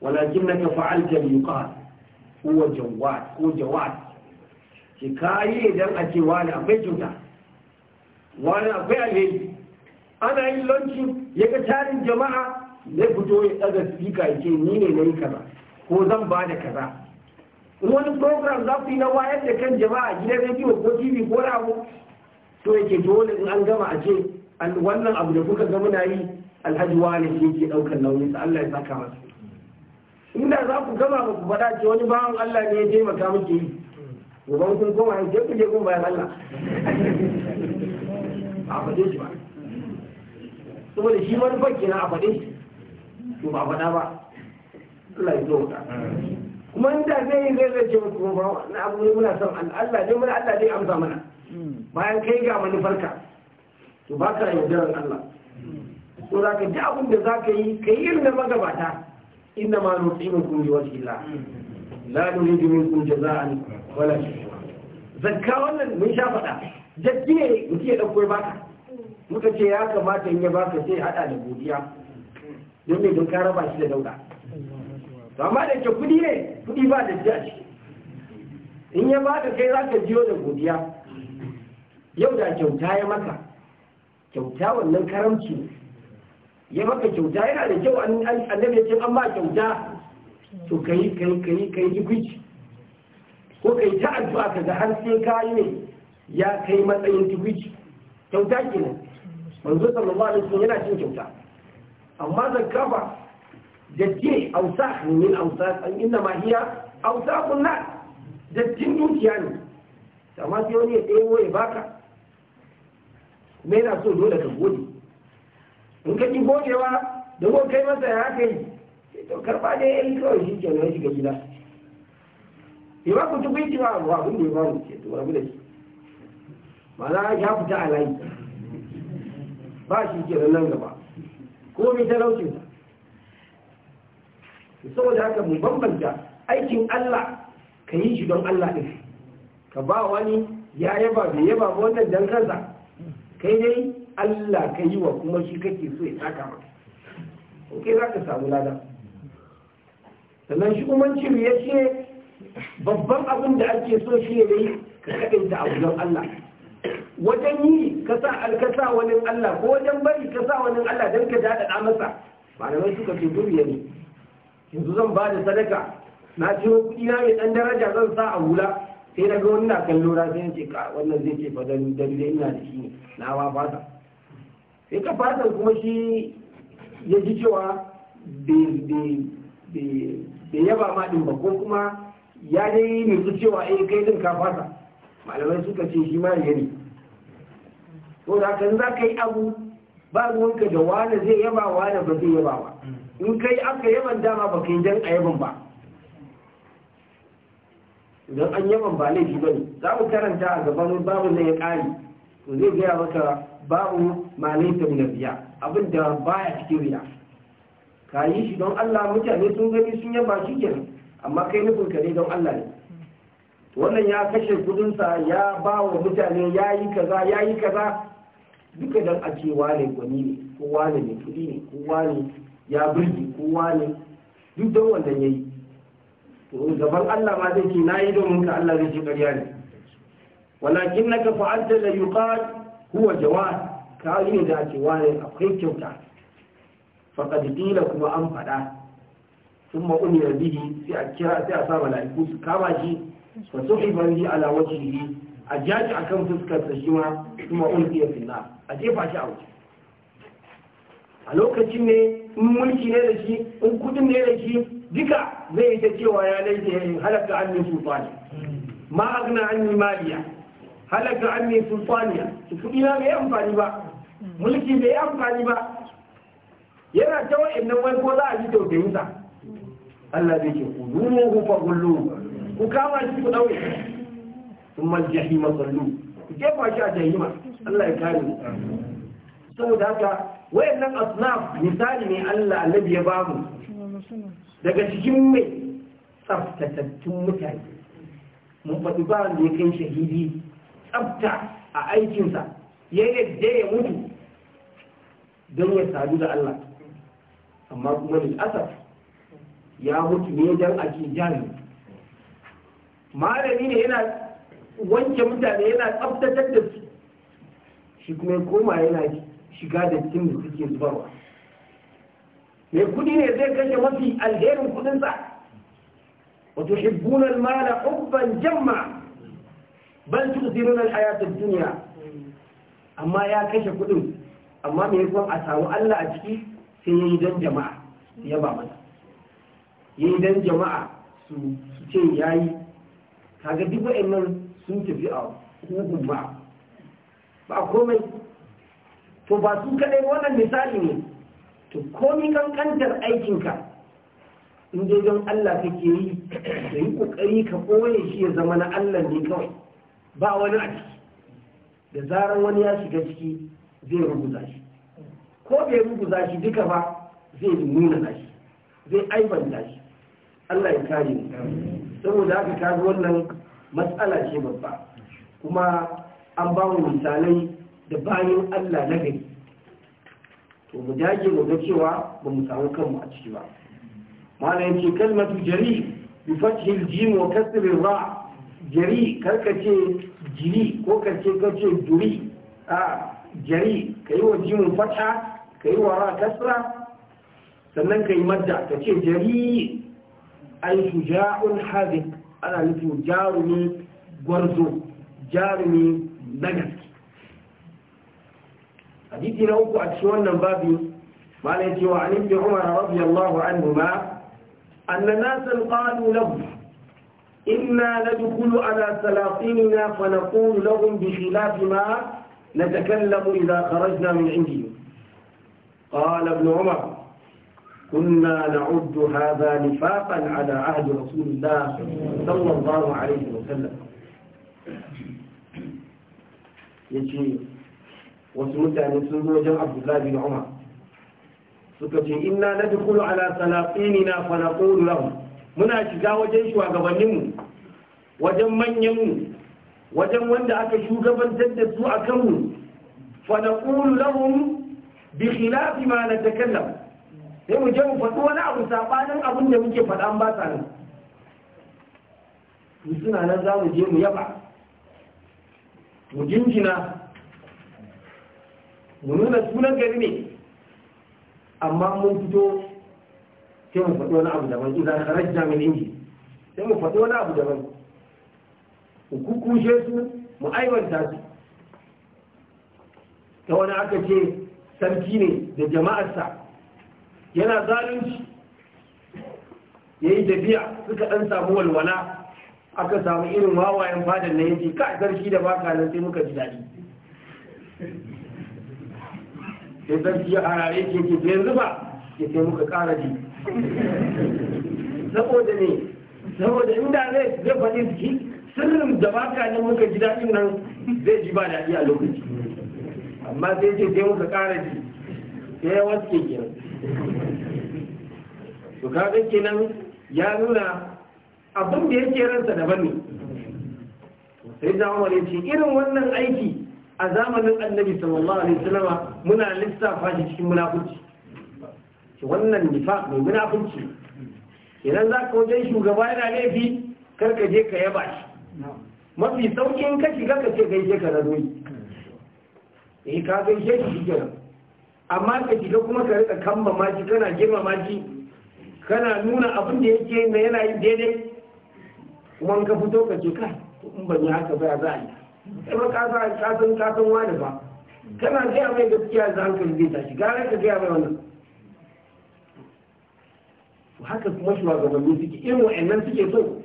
walakin naka fa'alta liqat huwa jawad ko jawad ki kayi idan a ce wani akwai cuta wani akwai alheri ana yin lanci ya ga tarin jama'a zai fito ya ɗaga spika ya ce ni ne na yi kaza ko zan ba da kaza wani program za ku yi na wayar da kan jama'a gidan rediyo ko tv ko rabu to ya ce dole in an gama a ce wannan abu da kuka ga muna yi alhaji wani shi ke ɗaukar launin sa Allah ya saka masa inda za ku gama ba ku faɗa ce wani bawan Allah ne ya taimaka muke yi gobe kun koma ya ce ku je kun bayan Allah a faɗe shi ba saboda shi wani banki na a faɗe shi to ba faɗa ba Allah ya zo wuta kuma da zai yi zai zai ce muku ba na abu ne muna son Allah ne muna Allah ne amsa mana bayan kai ga manufarka to ba ka yaudaran Allah so za ka ji abin da za ka yi ka yi irin da magabata inna ma nutsimukum bi wajhillah la nuridu minkum jaza'an wala shukura zakka wannan mun sha faɗa jajjine ne mutum ya ɗauko ya baka muka ce ya kamata in ya baka sai hada da godiya domin don ka raba shi da dauda to amma da ke kuɗi ne kuɗi ba da a ciki in ya baka kai za ka jiyo da godiya yau da kyauta ya maka kyauta wannan karamci ya maka kyauta yana da kyau annabi ya ce an ba kyauta to kai kai kai kai ko kai ta addu'a ka ga har sai ka yi ne ya kai matsayin tuwici kyauta kenan manzo sallallahu alaihi wasallam yana cin kyauta amma kafa da ce ausa min ausa an inna ma hiya awsakhun da jajjin dukiya ne amma sai wani ya tsayo ya baka kuma yana so dole ka gode in ka ki godewa da ko kai masa ya haka yi to karba da yayi kawai shi ke nan shiga gida ya ba ku tukuyi ba abin da ya ba mu ke to rabu da shi mana ya fita a layi ba shi ke da nan gaba ko mai talaucin saboda haka mu bambanta aikin Allah ka yi shi don Allah ɗin ka ba wani ya yaba bai yaba ba wannan dan kansa kai dai Allah ka yi wa kuma shi kake so ya taka maka ok za ka samu lada sannan shi kuma ya ce babban abin da ake so shi ne yi ka ta a don Allah wajen yi ka sa alkasa wani Allah ko wajen bari ka sa wani Allah don ka daɗa da masa malamai suka ce dubiya ne yanzu zan ba da sadaka na ci kuɗi na mai ɗan daraja zan sa a hula sai na ga wani na kallo na sai ce ka wannan zai ce fadar dalilai ina da shi na wa fata sai ka fatan kuma shi ya ji cewa bai yaba ma ɗin ba ko kuma ya dai nutsu cewa eh kai din ka fata malamai suka ce shi ma ne to da kan za ka yi abu ba ruwanka da wane zai yaba wane ba zai yaba ba in ka yi aka yaban dama ba kai dan a yaban ba idan an yaban ba laifi ba ne za mu karanta a gaban babu na ya kari to zai gaya maka babu malaita na biya abin da baya cikin riya ka yi shi don Allah mutane sun gani sun yaba shi kenan amma kai nufin ka ne don Allah ne wannan ya kashe kudinsa ya ba wa mutane ya yi kaza ya yi kaza duka dan a ce wane gwani ne ko wane mai kuɗi ne ko wane ya birgi ko wane duk don wannan yayi to gaban Allah ma zai ce na yi domin ka Allah zai ce ƙarya ne walakin naka fa'alta la yuqal huwa jawad ka yi ne da ce wane akwai kyauta faqad qila kuma an faɗa thumma umira bihi sai a kira sai a sa malaiku su kama shi fa suhiban li ala wajhihi a jaji akan fuskar sa shi ma kuma ulqiya fil nar a jefa shi a waje a lokacin ne in mulki ne da shi in kudin ne da shi duka zai yi ta cewa ya laifi yayin halaka annin sultani ma agna anni maliya halaka annin sultaniya kudi na bai amfani ba mulki bai amfani ba yana ta nan wai ko za a ji tausayin sa Allah zai ce kuluhu fa kullu ku kama shi ku daure sun mal jahima sallu ku jefa shi a jahima Allah ya kare mu saboda haka wayannan asnaf misali ne Allah annabi ya ba mu daga cikin mai tsaftatattun mutane mun faɗi ba wanda ya kai shahidi tsafta a aikinsa ya yadda ya mutu don ya sadu da Allah amma kuma asaf ya mutu ne don a jami malami ne yana wanke mutane yana tsaftatar da shi kuma koma yana shiga da cikin da suke zubarwa mai kudi ne zai kashe mafi alherin kudinsa wato shi hibbunan mala hubban jamma bal tuzirin hayatar duniya amma ya kashe kudin amma mai kwan a samu allah a ciki sai ya yi don jama'a ya ba mata ya yi don jama'a su ce ya yi kaga duk nan sun tafi a hukun ba ba komai to ba su kaɗai wannan misali ne to komi kankantar aikinka in dai don Allah kake yi da yi kokari ka koye shi ya zama na Allah ne kawai ba wani a ciki da zarar wani ya shiga ciki zai ruguza shi ko bai ruguza shi duka ba zai nuna shi zai aibanta shi Allah ya kare ni saboda haka kaga wannan matsala ce babba kuma an ba mu misalai da bayan Allah na gari to mu dage mu ga cewa ba mu samu kanmu a ciki ba malam yace kalmatu jari bi fathi al-jim wa kasr ra jari karkace ce jiri ko karkace kace duri a jari kai wa jim fatha kai wa ra kasra sannan kai madda kace jari ay shuja'un hadith ana nufin jarumi gwarzo jarumi na gaske hadisi na uku a cikin wannan babu malai cewa an ibn umar radiyallahu anhu ma anna nasan qalu lahu inna nadkhulu ala salatinina fa naqulu lahum bi khilafi ma نتكلم إذا خرجنا من عندهم قال ابن عمر كنا نعد هذا نفاقا على عهد رسول الله صلى الله عليه وسلم ya ce wasu mutane sun zo wajen abdullahi bin umar suka ce inna na dukulu ala salafinina na naqulu lahum muna shiga wajen shugabanninmu wajen manyanmu wajen wanda aka shugabantar da su a kanmu fa naqulu mu bi khilafi ma na takalla sai mu je mu faɗi wani abu saɓanin abin da muke faɗa an ba sa nan suna nan za mu je mu yaba mu jinjina mu nuna sunan gari ne amma mun fito sai mu faɗi wani abu daban idan kharajna min inji sai mu faɗi wani abu daban ku. kukushe su mu aiwanta su ta wani aka ce sarki ne da jama'arsa yana zalunci yayi tafiya suka ɗan samu walwala aka samu irin wawayen fadar na yanki ka sarki da baka nan sai muka ji daɗi sai sarki a harare ke ke yanzu ba ke sai muka ƙara ji saboda ne saboda inda zai zai faɗi ciki sirrin da baka nan muka ji daɗin nan zai ji ba daɗi a lokaci amma sai ce sai muka ƙara ji sai ya wasu ke kenan to kaga kenan ya nuna abin da yake ransa daban ne sai da umar ya ce irin wannan aiki a zamanin annabi sallallahu alaihi wasallama muna lissafa shi cikin munafurci shi wannan nifa mai munafurci idan za ka wajen shugaba yana laifi karka je ka yaba shi mafi saukin ka shiga ka ce gaishe ka na zoyi eh ka gaishe shi shi amma ka shiga kuma ka rika kammama shi kana girmama shi kana nuna abin da yake na yana yin daidai kuma ka fito ka ce ka in ban yi haka ba za a yi kai ba ka san ka san wani ba kana gaya mai gaskiya da hankali zai tashi gara ka gaya mai wannan haka kuma shugabanni suke irin wa'annan suke so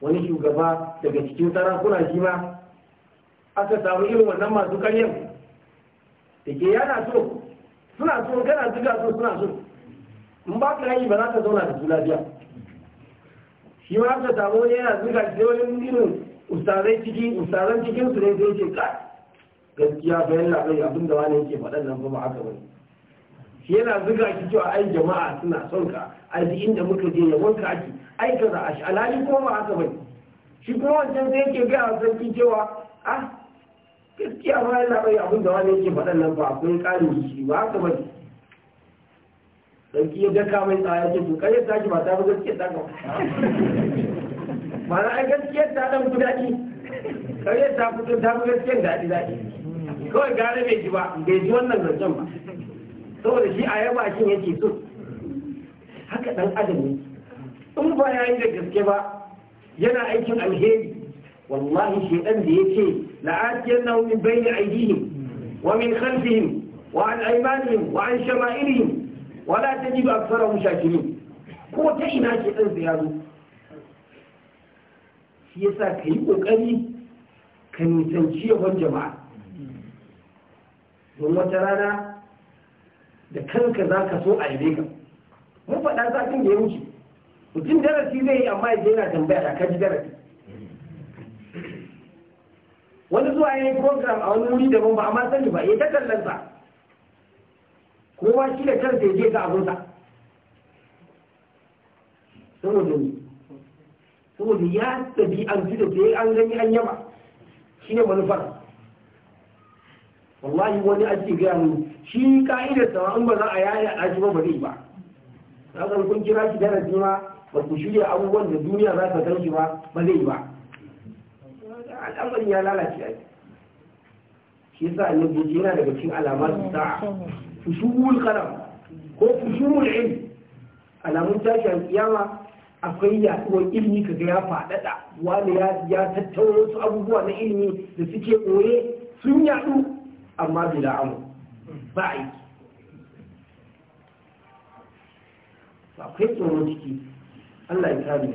wani shugaba daga cikin sarakuna shi ma aka samu irin wannan masu karyar da ke yana so suna so kana zuga so suna so in ba ka yi ba za ka zauna da su lafiya shi ma haka samu wani yana zuga shi wani mutumin ustazai ciki ustazan cikin su ne sai ce ka gaskiya yana bai abin da wani yake faɗan nan ba haka bane shi yana zuga shi cewa ai jama'a suna son ka a duk inda muka je ya wanka ake aika za a alhali ko ba haka bane shi kuma wancan sai yake ga sarki cewa ah gaskiya yana bai abin da wani yake faɗan nan ba akwai ƙarin shi ba haka bane sarki ya daka mai tsaya ce to kare ta ki ba ta fi gaske ta ga mana ai gaske ta dan ku dadi kare ta fi ta gaskiyar daɗi daɗi kawai gane mai ji ba bai ji wannan zancen ba saboda shi a yaba shi ke so haka dan adam ne in ba yi da gaske ba yana aikin alheri wallahi dan da ya yake la'atiyanna min bayni aydihim wa min khalfihim wa an wa an shama'irihim wala ta ji ba a fara mu shakiru ko ta ina ke ɗan ya zo shi yasa ka yi ƙoƙari ka nisanci yawan jama'a don wata rana da kanka za ka so a yabe ka mun faɗa zafin da ya wuce mutum darasi zai yi amma ya yana tambaya da kaji darasi wani zuwa ya yi program a wani wuri daban ba amma sani ba ya ta kallon kowa shi da kansa ya je ga abunsa saboda ne saboda ya tabi an fi da sai an gani an yaba shi ne manufar wallahi wani ake gaya mu shi ka'idar sa in ba za a yaya a shi ba ba zai ba kaga kun kira shi darasi ma ba ku shirya abubuwan da duniya za ta san shi ba ba zai ba al'amarin ya lalace shi yasa annabi yana daga cikin alamar sa'a fushubul kalam ko fushubul ilm alamun tashi alƙiyama akwai yaduwar ilimi kaga ya faɗaɗa wani ya tattauna su abubuwa na ilimi da suke ɓoye sun yaɗu amma bila amu ba aiki akwai tsoron ciki Allah ya kare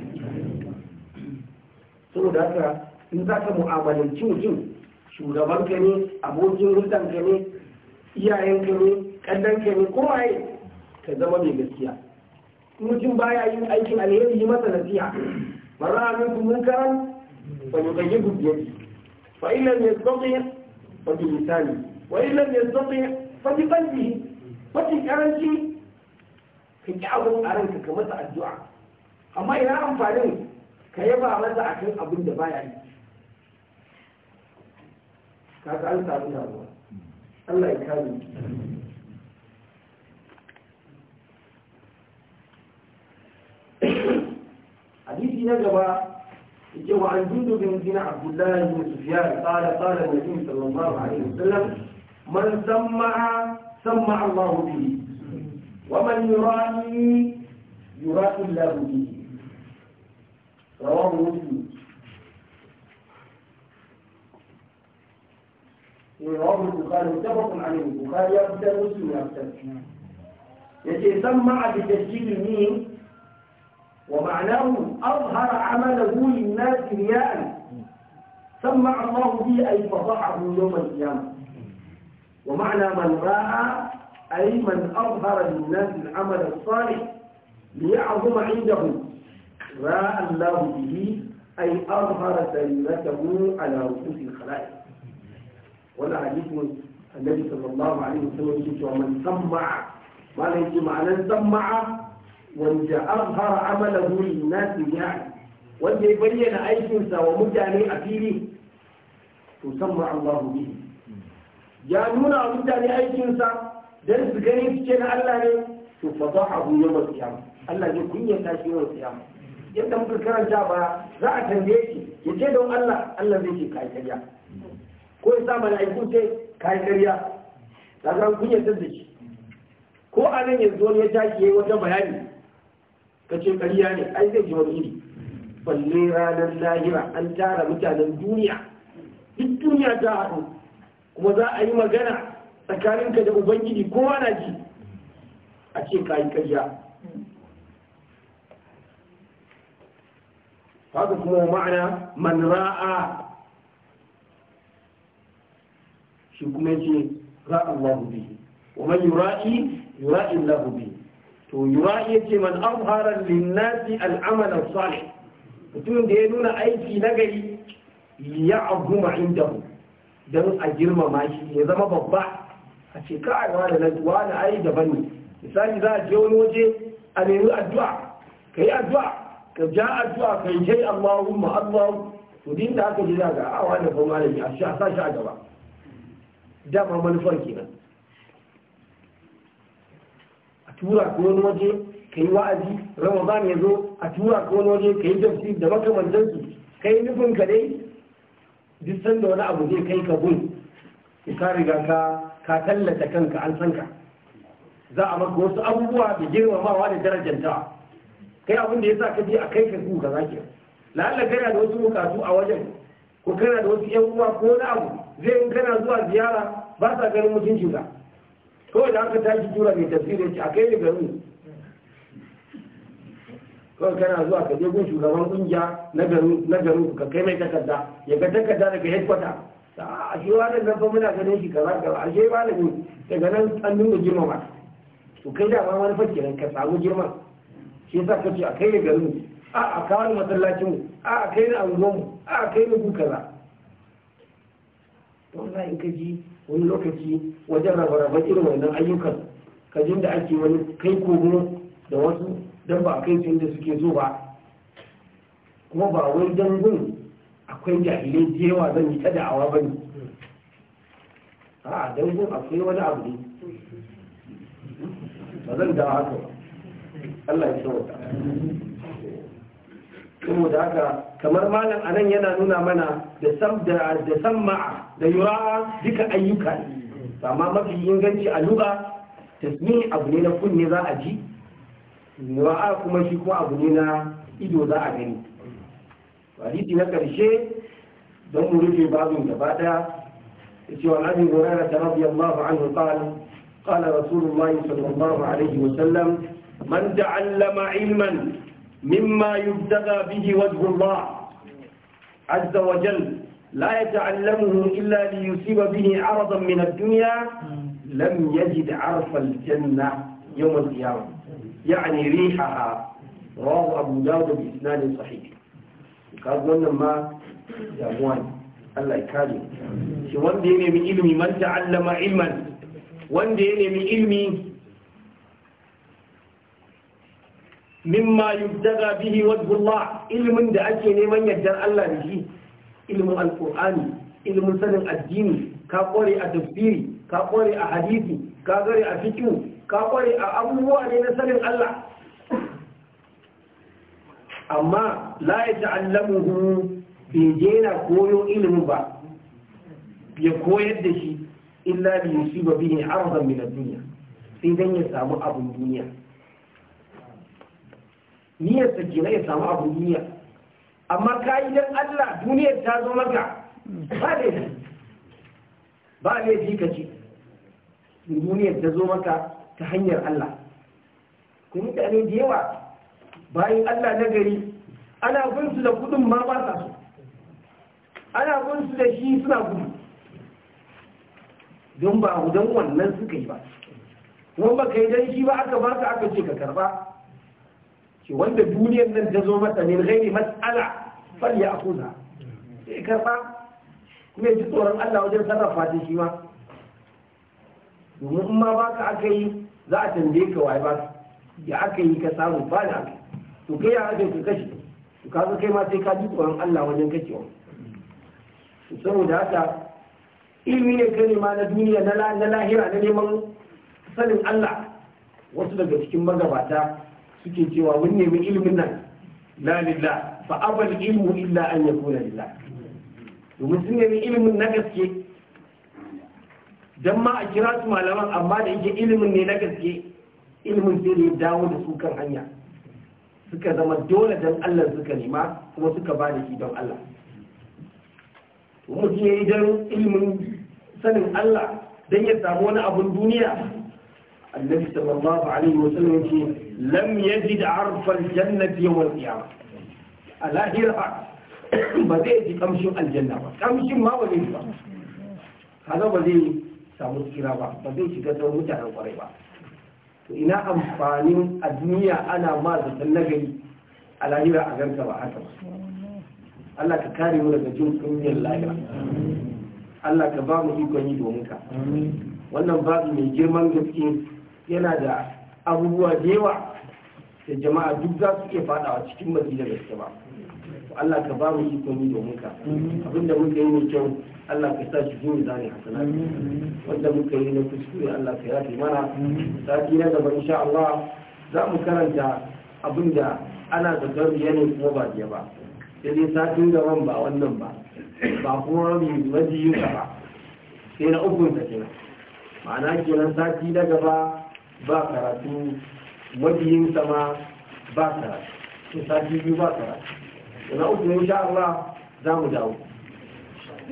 saboda haka in za ka mu'amalanci mutum shugabanka ne abokin hulɗanka ne iyayenka ne kaddan kai ko waye ka zama mai gaskiya mutum baya yin aikin alheri yi masa nasiha marra minkum munkaran fa yughayyibu bi yadihi fa in lam yastati fa bi lisani wa in lam yastati fa bi qalbihi mafi karanci ka ki abun a ranka ka masa addu'a amma ina amfanin ka yaba masa akan abin da baya yi kaga an samu Allah ya kare حديث نجوى جوى عن جندب بن عبد الله بن سفيان قال قال النبي صلى الله عليه وسلم من سمع سمع الله به ومن يراني يرى الله به رواه مسلم رواه البخاري متفق عليه البخاري يقتل مسلم يقتل يجي سمع بتسجيل الميم ومعناه أظهر عمله للناس رياء سمع الله به أي فضحه يوم القيامة ومعنى من راى أي من أظهر للناس العمل الصالح ليعظم عنده راى الله به أي أظهر سيرته على رؤوس الخلائق ولا عليكم النبي صلى الله عليه وسلم ومن سمع ما ليس معنى سمع wanda azhara amalahu lin-nas ya'lam wanda ya bayyana aikinsa wa mutane a fili to samma Allah bi ya nuna wa mutane aikinsa dan su gani su ce na Allah ne to fa za'ahu yawm al-qiyamah Allah ya kunyata shi yawm al-qiyamah yadda muka karanta ba za a tambaye shi ya ce don Allah Allah zai ce kai kariya ko ya sa aikin ce kai kariya kaga kunyata da shi ko anan yanzu ne ya tashi yayi wata bayani ka ce kariya ne ai zai ji wani iri balle ranar lahira an tara mutanen duniya duk duniya ta haɗu kuma za a yi magana tsakaninka da ubangiji kowa na ji a ce ka yi kariya haka kuma ma'ana man ra'a shi kuma ce ra'a Allah bihi wa man yura'i yura'i Allah bihi to yura ce man azhara lin-nasi al mutum da ya nuna aiki nagari ya aguma mu don a girmama shi ya zama babba a ce kai wani nan wani ai daban ne misali za a je wani waje a nemi addu'a yi addu'a ka ja addu'a kai jai Allahumma Allah to din da aka ji daga a ah, wani ba malami a sha a gaba dama manufar kenan tura ka wani waje ka yi wa'azi ramadan ya zo a tura ka wani waje ka yi jamsi da makamantansu yi nufin ka dai duk sanda wani abu zai kai ka gun ka riga ka ka tallata kanka an san ka za a maka wasu abubuwa da girmamawa da darajanta kai abin da ya sa ka je a kai ka su ka zaki la'alla kana da wasu bukatu a wajen ko kana da wasu yan uwa ko wani abu zai in kana zuwa ziyara ba sa ganin mutuncin ka kawai da aka tashi tura mai tafsirin ci a kai ne garin kawai kana zuwa ka je gun shugaban kungiya na garin ka kai mai takarda ya ga takarda daga headquarter a shi wa nan fa muna ganin shi kaza kaza a shi wa daga nan an nuna girma ba to kai da ma wani fakki ka samu girma shi yasa ka ce a kai ne garin a a kawo masallacin mu a a kai ni anguwan mu a a kai ni gun kaza to wallahi in ka ji wani lokaci wajen raba irin wannan ayyukan kajin da ake wani kai kogo da wasu don ba kai su da suke zo ba kuma ba wai dangun akwai jahilai jewa zan yi ta da'awa ba ne a dangun akwai wani abu ne ba zan da haka ba Allah ya tsawata saboda haka kamar malam anan yana nuna mana da sam da sam'a da yura duka ayyuka ne amma mafi inganci a lugha tasmi abu ne na kunne za a ji yura kuma shi kuma abu ne na ido za a gani hadisi na karshe don mu rufe babin gaba daya yace gurara ta rabbi radiyallahu anhu qala qala rasulullahi sallallahu alaihi wasallam man ta'allama ilman مما يبتغى به وجه الله عز وجل لا يتعلمه إلا ليصيب به عرضا من الدنيا لم يجد عرف الجنة يوم القيامة يعني ريحها رواه أبو داود بإسناد صحيح قال wannan ما يا ne الله ya kare shi wanda من nemi من تعلم علما ilman wanda ya nemi mimma yubtaga bihi wajhullah ilmin da ake neman yardar Allah da shi ilmin alqur'ani ilmin sanin addini ka kware a tafsiri ka kware a hadisi ka kware a fiqh ka kware a abubuwa ne na sanin Allah amma la yata'allamuhu bai je na koyo ilmin ba ya koyar da shi illa bi yusiba bihi arzan min ad-dunya sai dan ya samu abun duniya niyyar sa ke ya samu abu duniya amma ka yi don Allah duniyar ta zo maka ba laifi ba laifi ka ce duniyar ta zo maka ta hanyar Allah ku mutane da yawa bayan Allah na gari ana bin su da kudin ma ba sa su ana bin su da shi suna gudu don ba don wannan suka yi ba kuma ba yi don shi ba aka ba ka aka ce ka karba ce wanda duniyar nan ta zo masa min gairi mas'ala fal ya akuza sai karba kuma ya ji tsoron Allah wajen sarrafa ta shi ma domin in ma baka aka yi za a tambaye ka waye ba ya aka yi ka samu ba da aka to kai ya aka ka kashe to ka zo kai ma sai ka ji tsoron Allah wajen kashewa saboda haka ilimi ne kai ma na duniya na lahira na neman sanin Allah wasu daga cikin magabata suke cewa mun nemi ilimin nan la lillah fa abal ilmu illa an yakuna lillah domin sun nemi ilimin na gaske dan ma a kira su malaman amma da yake ilimin ne na gaske ilimin sai ne dawo da su kan hanya suka zama dole dan Allah suka nema kuma suka ba da shi don Allah mu ya yi don ilimin sanin Allah don ya samu wani abun duniya annabi sallallahu alaihi wasallam ce lam yajid arfal jannati yawm al-qiyamah a lahira ba zai ji kamshin aljanna ba kamshin ma ba zai ba kaga ba zai samu tsira ba ba zai shiga tsawon mutanen kwarai ba to ina amfanin a duniya ana ma zaton nagari a lahira a ganka ba haka ba Allah ka kare mu daga jin kunyar lahira Allah ka ba mu ikon yi domin ka wannan babu mai girman gaske yana da abubuwa da yawa da jama'a duk za su iya fadawa cikin madina da gaske ba Allah ka ba mu ikon yi domin ka abinda muka yi mai kyau Allah ka sa shi zuwa zane hasana wanda muka yi na kuskure Allah ka yafe mana sati na gaba insha Allah za mu karanta abinda ana zaton yanayi kuma ba biya ba sai dai satin gaban ba wannan ba ba kuma rabi maji ba sai na ukun ta kenan ma'ana kenan sati na gaba ba karatu mabiyin sama ba karatu to biyu ba karatu na uku in sha Allah za mu dawo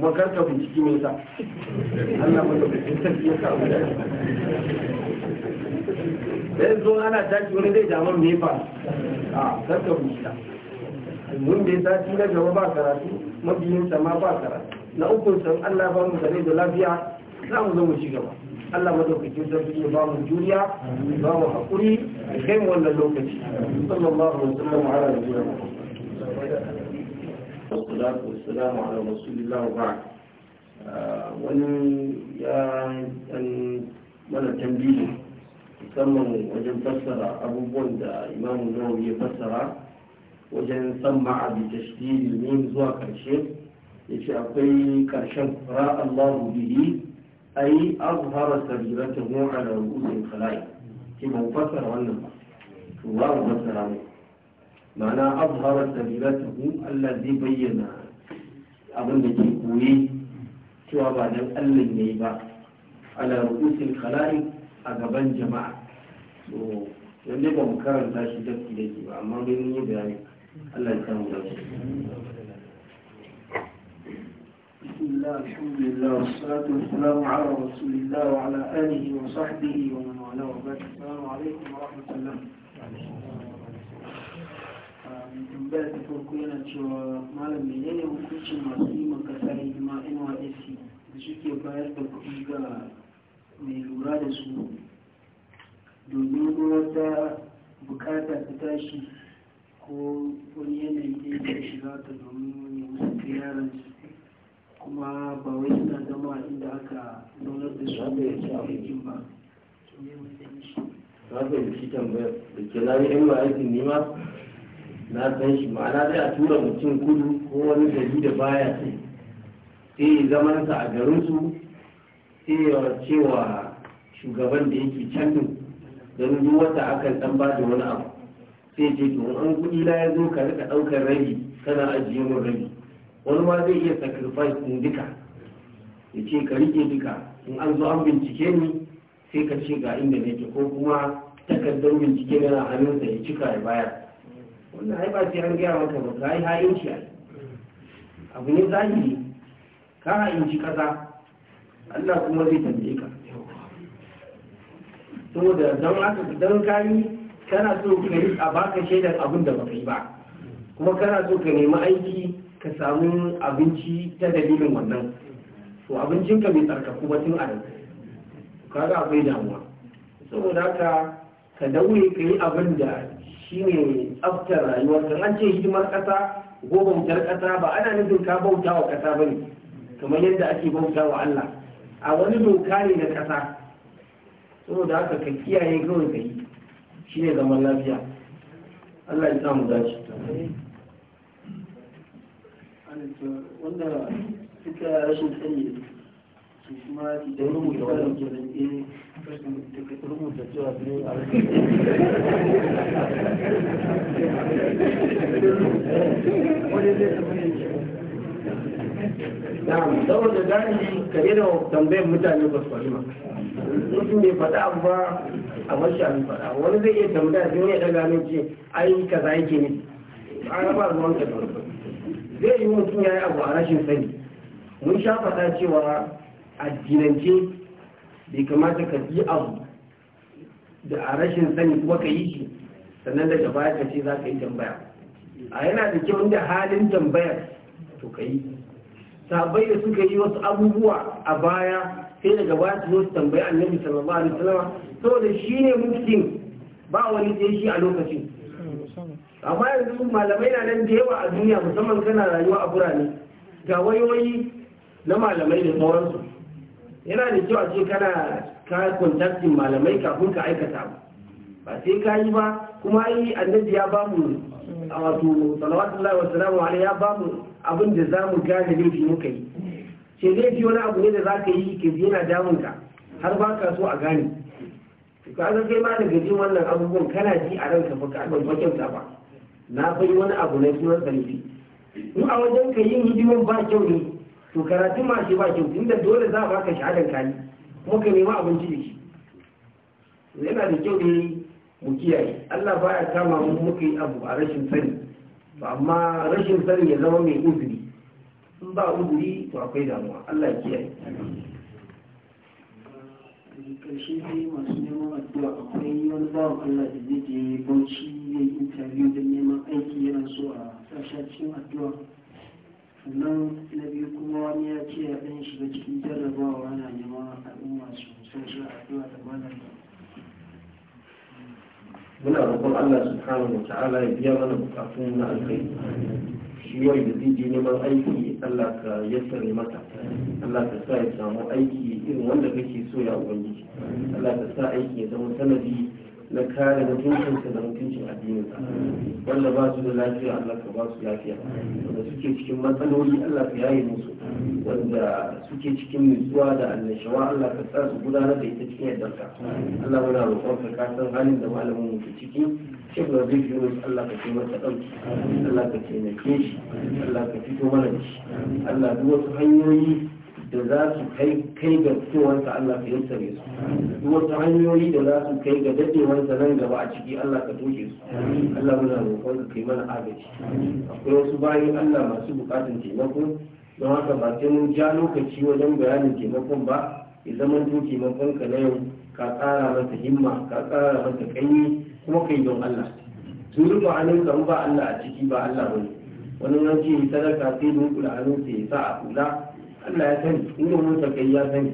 makarta bincike mai sa Allah mu da tafi ya kawo da dan zo ana tashi wani zai damar me fa a karka bincika mun da sati na gaba ba karatu mabiyin sama ba karatu na uku san Allah ba mu da lafiya za mu zo mu ci gaba Allah madaukakin sarki ya ba mu juriya ya ba mu hakuri ya kai wannan lokaci sallallahu alaihi wasallam ala nabiyina Muhammad wassalamu ala rasulillah wa ba'd ah, wani ya dan mana tambayi musamman wajen fassara abubuwan da imamu nawawi ya fassara wajen san ma'abi tashdidi ne zuwa karshe yace akwai karshen fara Allahu bihi ai azhara sariratahu ala ru'usil khala'iq ki ban fassara wannan ba to ba mu fassara mai ma'ana azhara sariratahu Allah zai bayyana abin da ke koye cewa ba dan Allah yayi ba ala ru'usil a gaban jama'a to yanzu ba mu karanta shi daki daki ba amma dai mun yi bayani Allah ya samu dace الله الحمد لله والصلاة والسلام على رسول الله وعلى آله وصحبه ومن والاه وبارك السلام عليكم ورحمة الله mai tambaya ta farko yana cewa malam menene hukuncin masu yi makasar hidima nysc da suke bayar da kuɗi ga mai lura da su domin wata bukata ta tashi ko wani yanayi da ya shiga ta domin wani musu yaran su kuma ba wai suna zama inda aka nunar da su da yake aikin ba na fahimci tambayar da ke na yi ma ne nima na san shi ma'ana zai a tura mutum kudu ko wani gari da baya ce sai sa a garinsu sai ya cewa shugaban da yake can don duk wata akan dan ba da wani abu sai ce to an kudi la ya zo ka rika ɗaukar rabi kana ajiye min rabi wani ma zai iya sacrifice din duka ya ce ka rike duka in an zo an bincike ni sai ka ce ga inda nake ko kuma takardar bincike yana hannunsa ya cika ya baya wannan ai ba sai an gaya maka ba ka yi ha'inci abu ne zahiri ka ha'inci kaza Allah kuma zai tambaye ka saboda don haka don kayi kana so ka yi a baka shaidar abin da baka yi ba kuma kana so ka nemi aiki ka samu abinci ta dalilin wannan to abincinka bai tsarkaku ba tun adam ga akwai damuwa saboda haka ka daure ka yi abin da shi ne tsaftar rayuwar kan an ce hidimar ƙasa gobantar ƙasa ba ana nufin ka bauta wa ƙasa ba ne kamar yadda ake bauta wa Allah a wani doka ne na kasa saboda haka ka kiyaye kawai ka yi shi ne zaman lafiya Allah ya samu dace wanda suka rashin da da a wani zai saboda gani kare da tambayar mutane ba su mutum bai faɗa abu ba a mashi abin faɗa wani zai iya tambaya don ya ɗaga min ce ai kaza yake ne ba ba ruwan ka zai yi mutum ya yi abu a rashin sani mun sha fata cewa addinance bai kamata ka yi abu da a rashin sani kuma ka yi shi sannan da baya ka ce za ka yi tambaya a yana da kyau da halin tambayar to ka yi sabai da suka yi wasu abubuwa a baya sai daga baya su zo su tambayi annabi sallallahu alaihi wasallam saboda shi ne ba wani sai shi a lokacin amma yanzu malamai na nan da yawa a duniya musamman kana rayuwa a birane ga wayoyi na malamai da sauransu yana da kyau a ce kana ka kontaktin malamai kafin ka aikata ba ba sai ka yi ba kuma yi annabi ya ba mu a wato salawatullahi wa salamu alaihi ya ba mu abin da za mu gane laifi muka yi ce laifi wani abu ne da za ka yi ka biya damun damunka har ba ka so a gane ka ga kai ma daga jin wannan abubuwan kana ji a ranka ba ka ban ba na bai wani abu na sunan sarfi in a wajen ka yin hidimin ba kyau ne to karatun ma shi ba kyau inda dole za a baka shahadar kani kuma ka nema abinci da shi yana da kyau ne mu kiyaye Allah ba ya kama mu muka yi abu a rashin sani to amma rashin sani ya zama mai uzuri in ba uzuri to akwai damuwa Allah ya kiyaye karshe dai masu neman addu'a akwai wani bawan Allah da zai je bauchi ya yi interview don neman aiki yana so a sasha cikin addu'a sannan na biyu kuma wani ya ce ya shiga cikin jarabawa na neman al'umma su sasha addu'a da malam muna roƙon Allah subhanahu wa ta'ala ya biya mana bukatun na alkhairi shi da zai je neman aiki Allah ka yassare mata Allah ka sa ya samu aiki irin wanda kake so ya ubangiji Allah ka sa aiki ya zama sanadi na kare mutuncinsa da mutuncin addininsa wanda ba su da lafiya Allah ka ba su lafiya wanda suke cikin matsaloli Allah ka yaye musu wanda suke cikin nutsuwa da annashawa Allah ka sa su gudanar da ita cikin yardarka Allah muna roƙon ka san halin da malamin mu ke ciki zai fi musu Allah ka kai masa ɗauki Allah ka taimake shi Allah ka fito mana da shi Allah duk wasu hanyoyi da za su kai kai ga fitowarsa Allah ka yassare su duk wasu hanyoyi da za su kai ga dadewarsa nan gaba a ciki Allah ka toshe su Allah muna roƙon ka kai mana agaji akwai wasu bayan Allah masu bukatun taimako don haka ba sai mun ja lokaci wajen bayanin taimakon ba ya zama to taimakon ka na yau ka tsara masa himma ka tsara masa kanyi kuma kai don Allah tun rufe hannun ka ba Allah a ciki ba Allah bane wani ce sadaka sai dunkula hannun sai ya sa a kula Allah ya sani in yi mun kai ya sani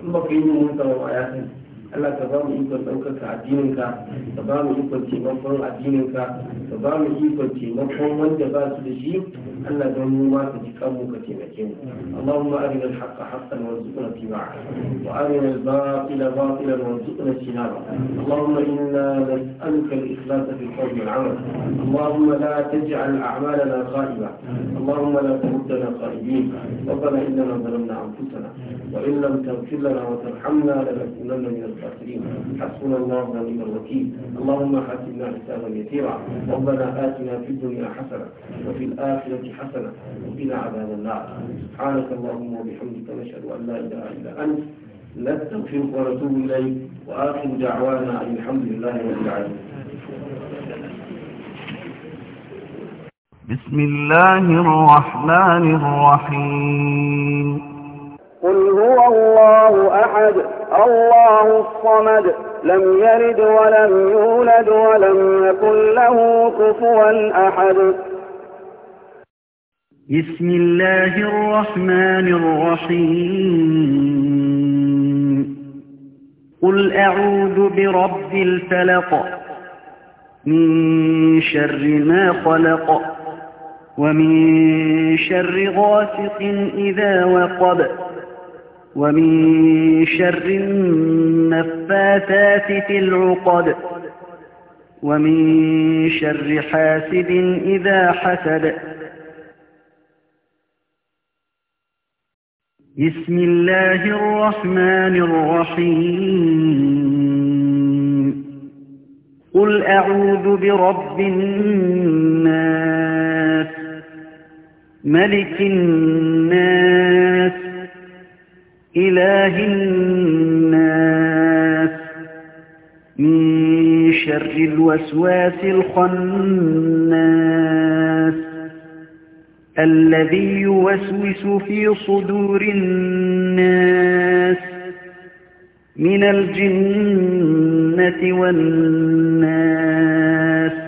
in ba ka yi mun sa ya sani Allah ka ba mu ikon ɗaukaka addininka ka ba mu ikon taimakon addininka ka ba mu ikon taimakon wanda ba su da shi Allah don mu ma ka ji kanmu ka taimake mu Allahumma arina al-haqqa haqqan warzuqna ittiba'a wa arina al-batila batilan warzuqna ijtinaba Allahumma inna nas'aluka al-ikhlas fi al-qawl wal-amal Allahumma la taj'al a'malana khaiba Allahumma la taruddana khaibin ربنا إننا ظلمنا أنفسنا وإن لم تغفر لنا وترحمنا لنكونن من الخاسرين الخاسرين حسبنا الله ونعم الوكيل اللهم آتنا حسابا يسيرا ربنا آتنا في الدنيا حسنة وفي الآخرة حسنة وقنا عذاب النار سبحانك اللهم وبحمدك نشهد أن لا إله إلا أنت نستغفرك ونتوب إليك وآخر دعوانا أن الحمد لله رب العالمين بسم الله الرحمن الرحيم قل هو الله أحد الله الصمد لم يلد ولم يولد ولم يكن له كفوا أحد بسم الله الرحمن الرحيم قل أعوذ برب الفلق من شر ما خلق ومن شر غاسق إذا وقب ومن شر النفاثات في العقد ومن شر حاسد إذا حسد بسم الله الرحمن الرحيم قل أعوذ برب الناس ملك الناس إله الناس من شر الوسواس الخناس الذي يوسوس في صدور الناس من الجنة والناس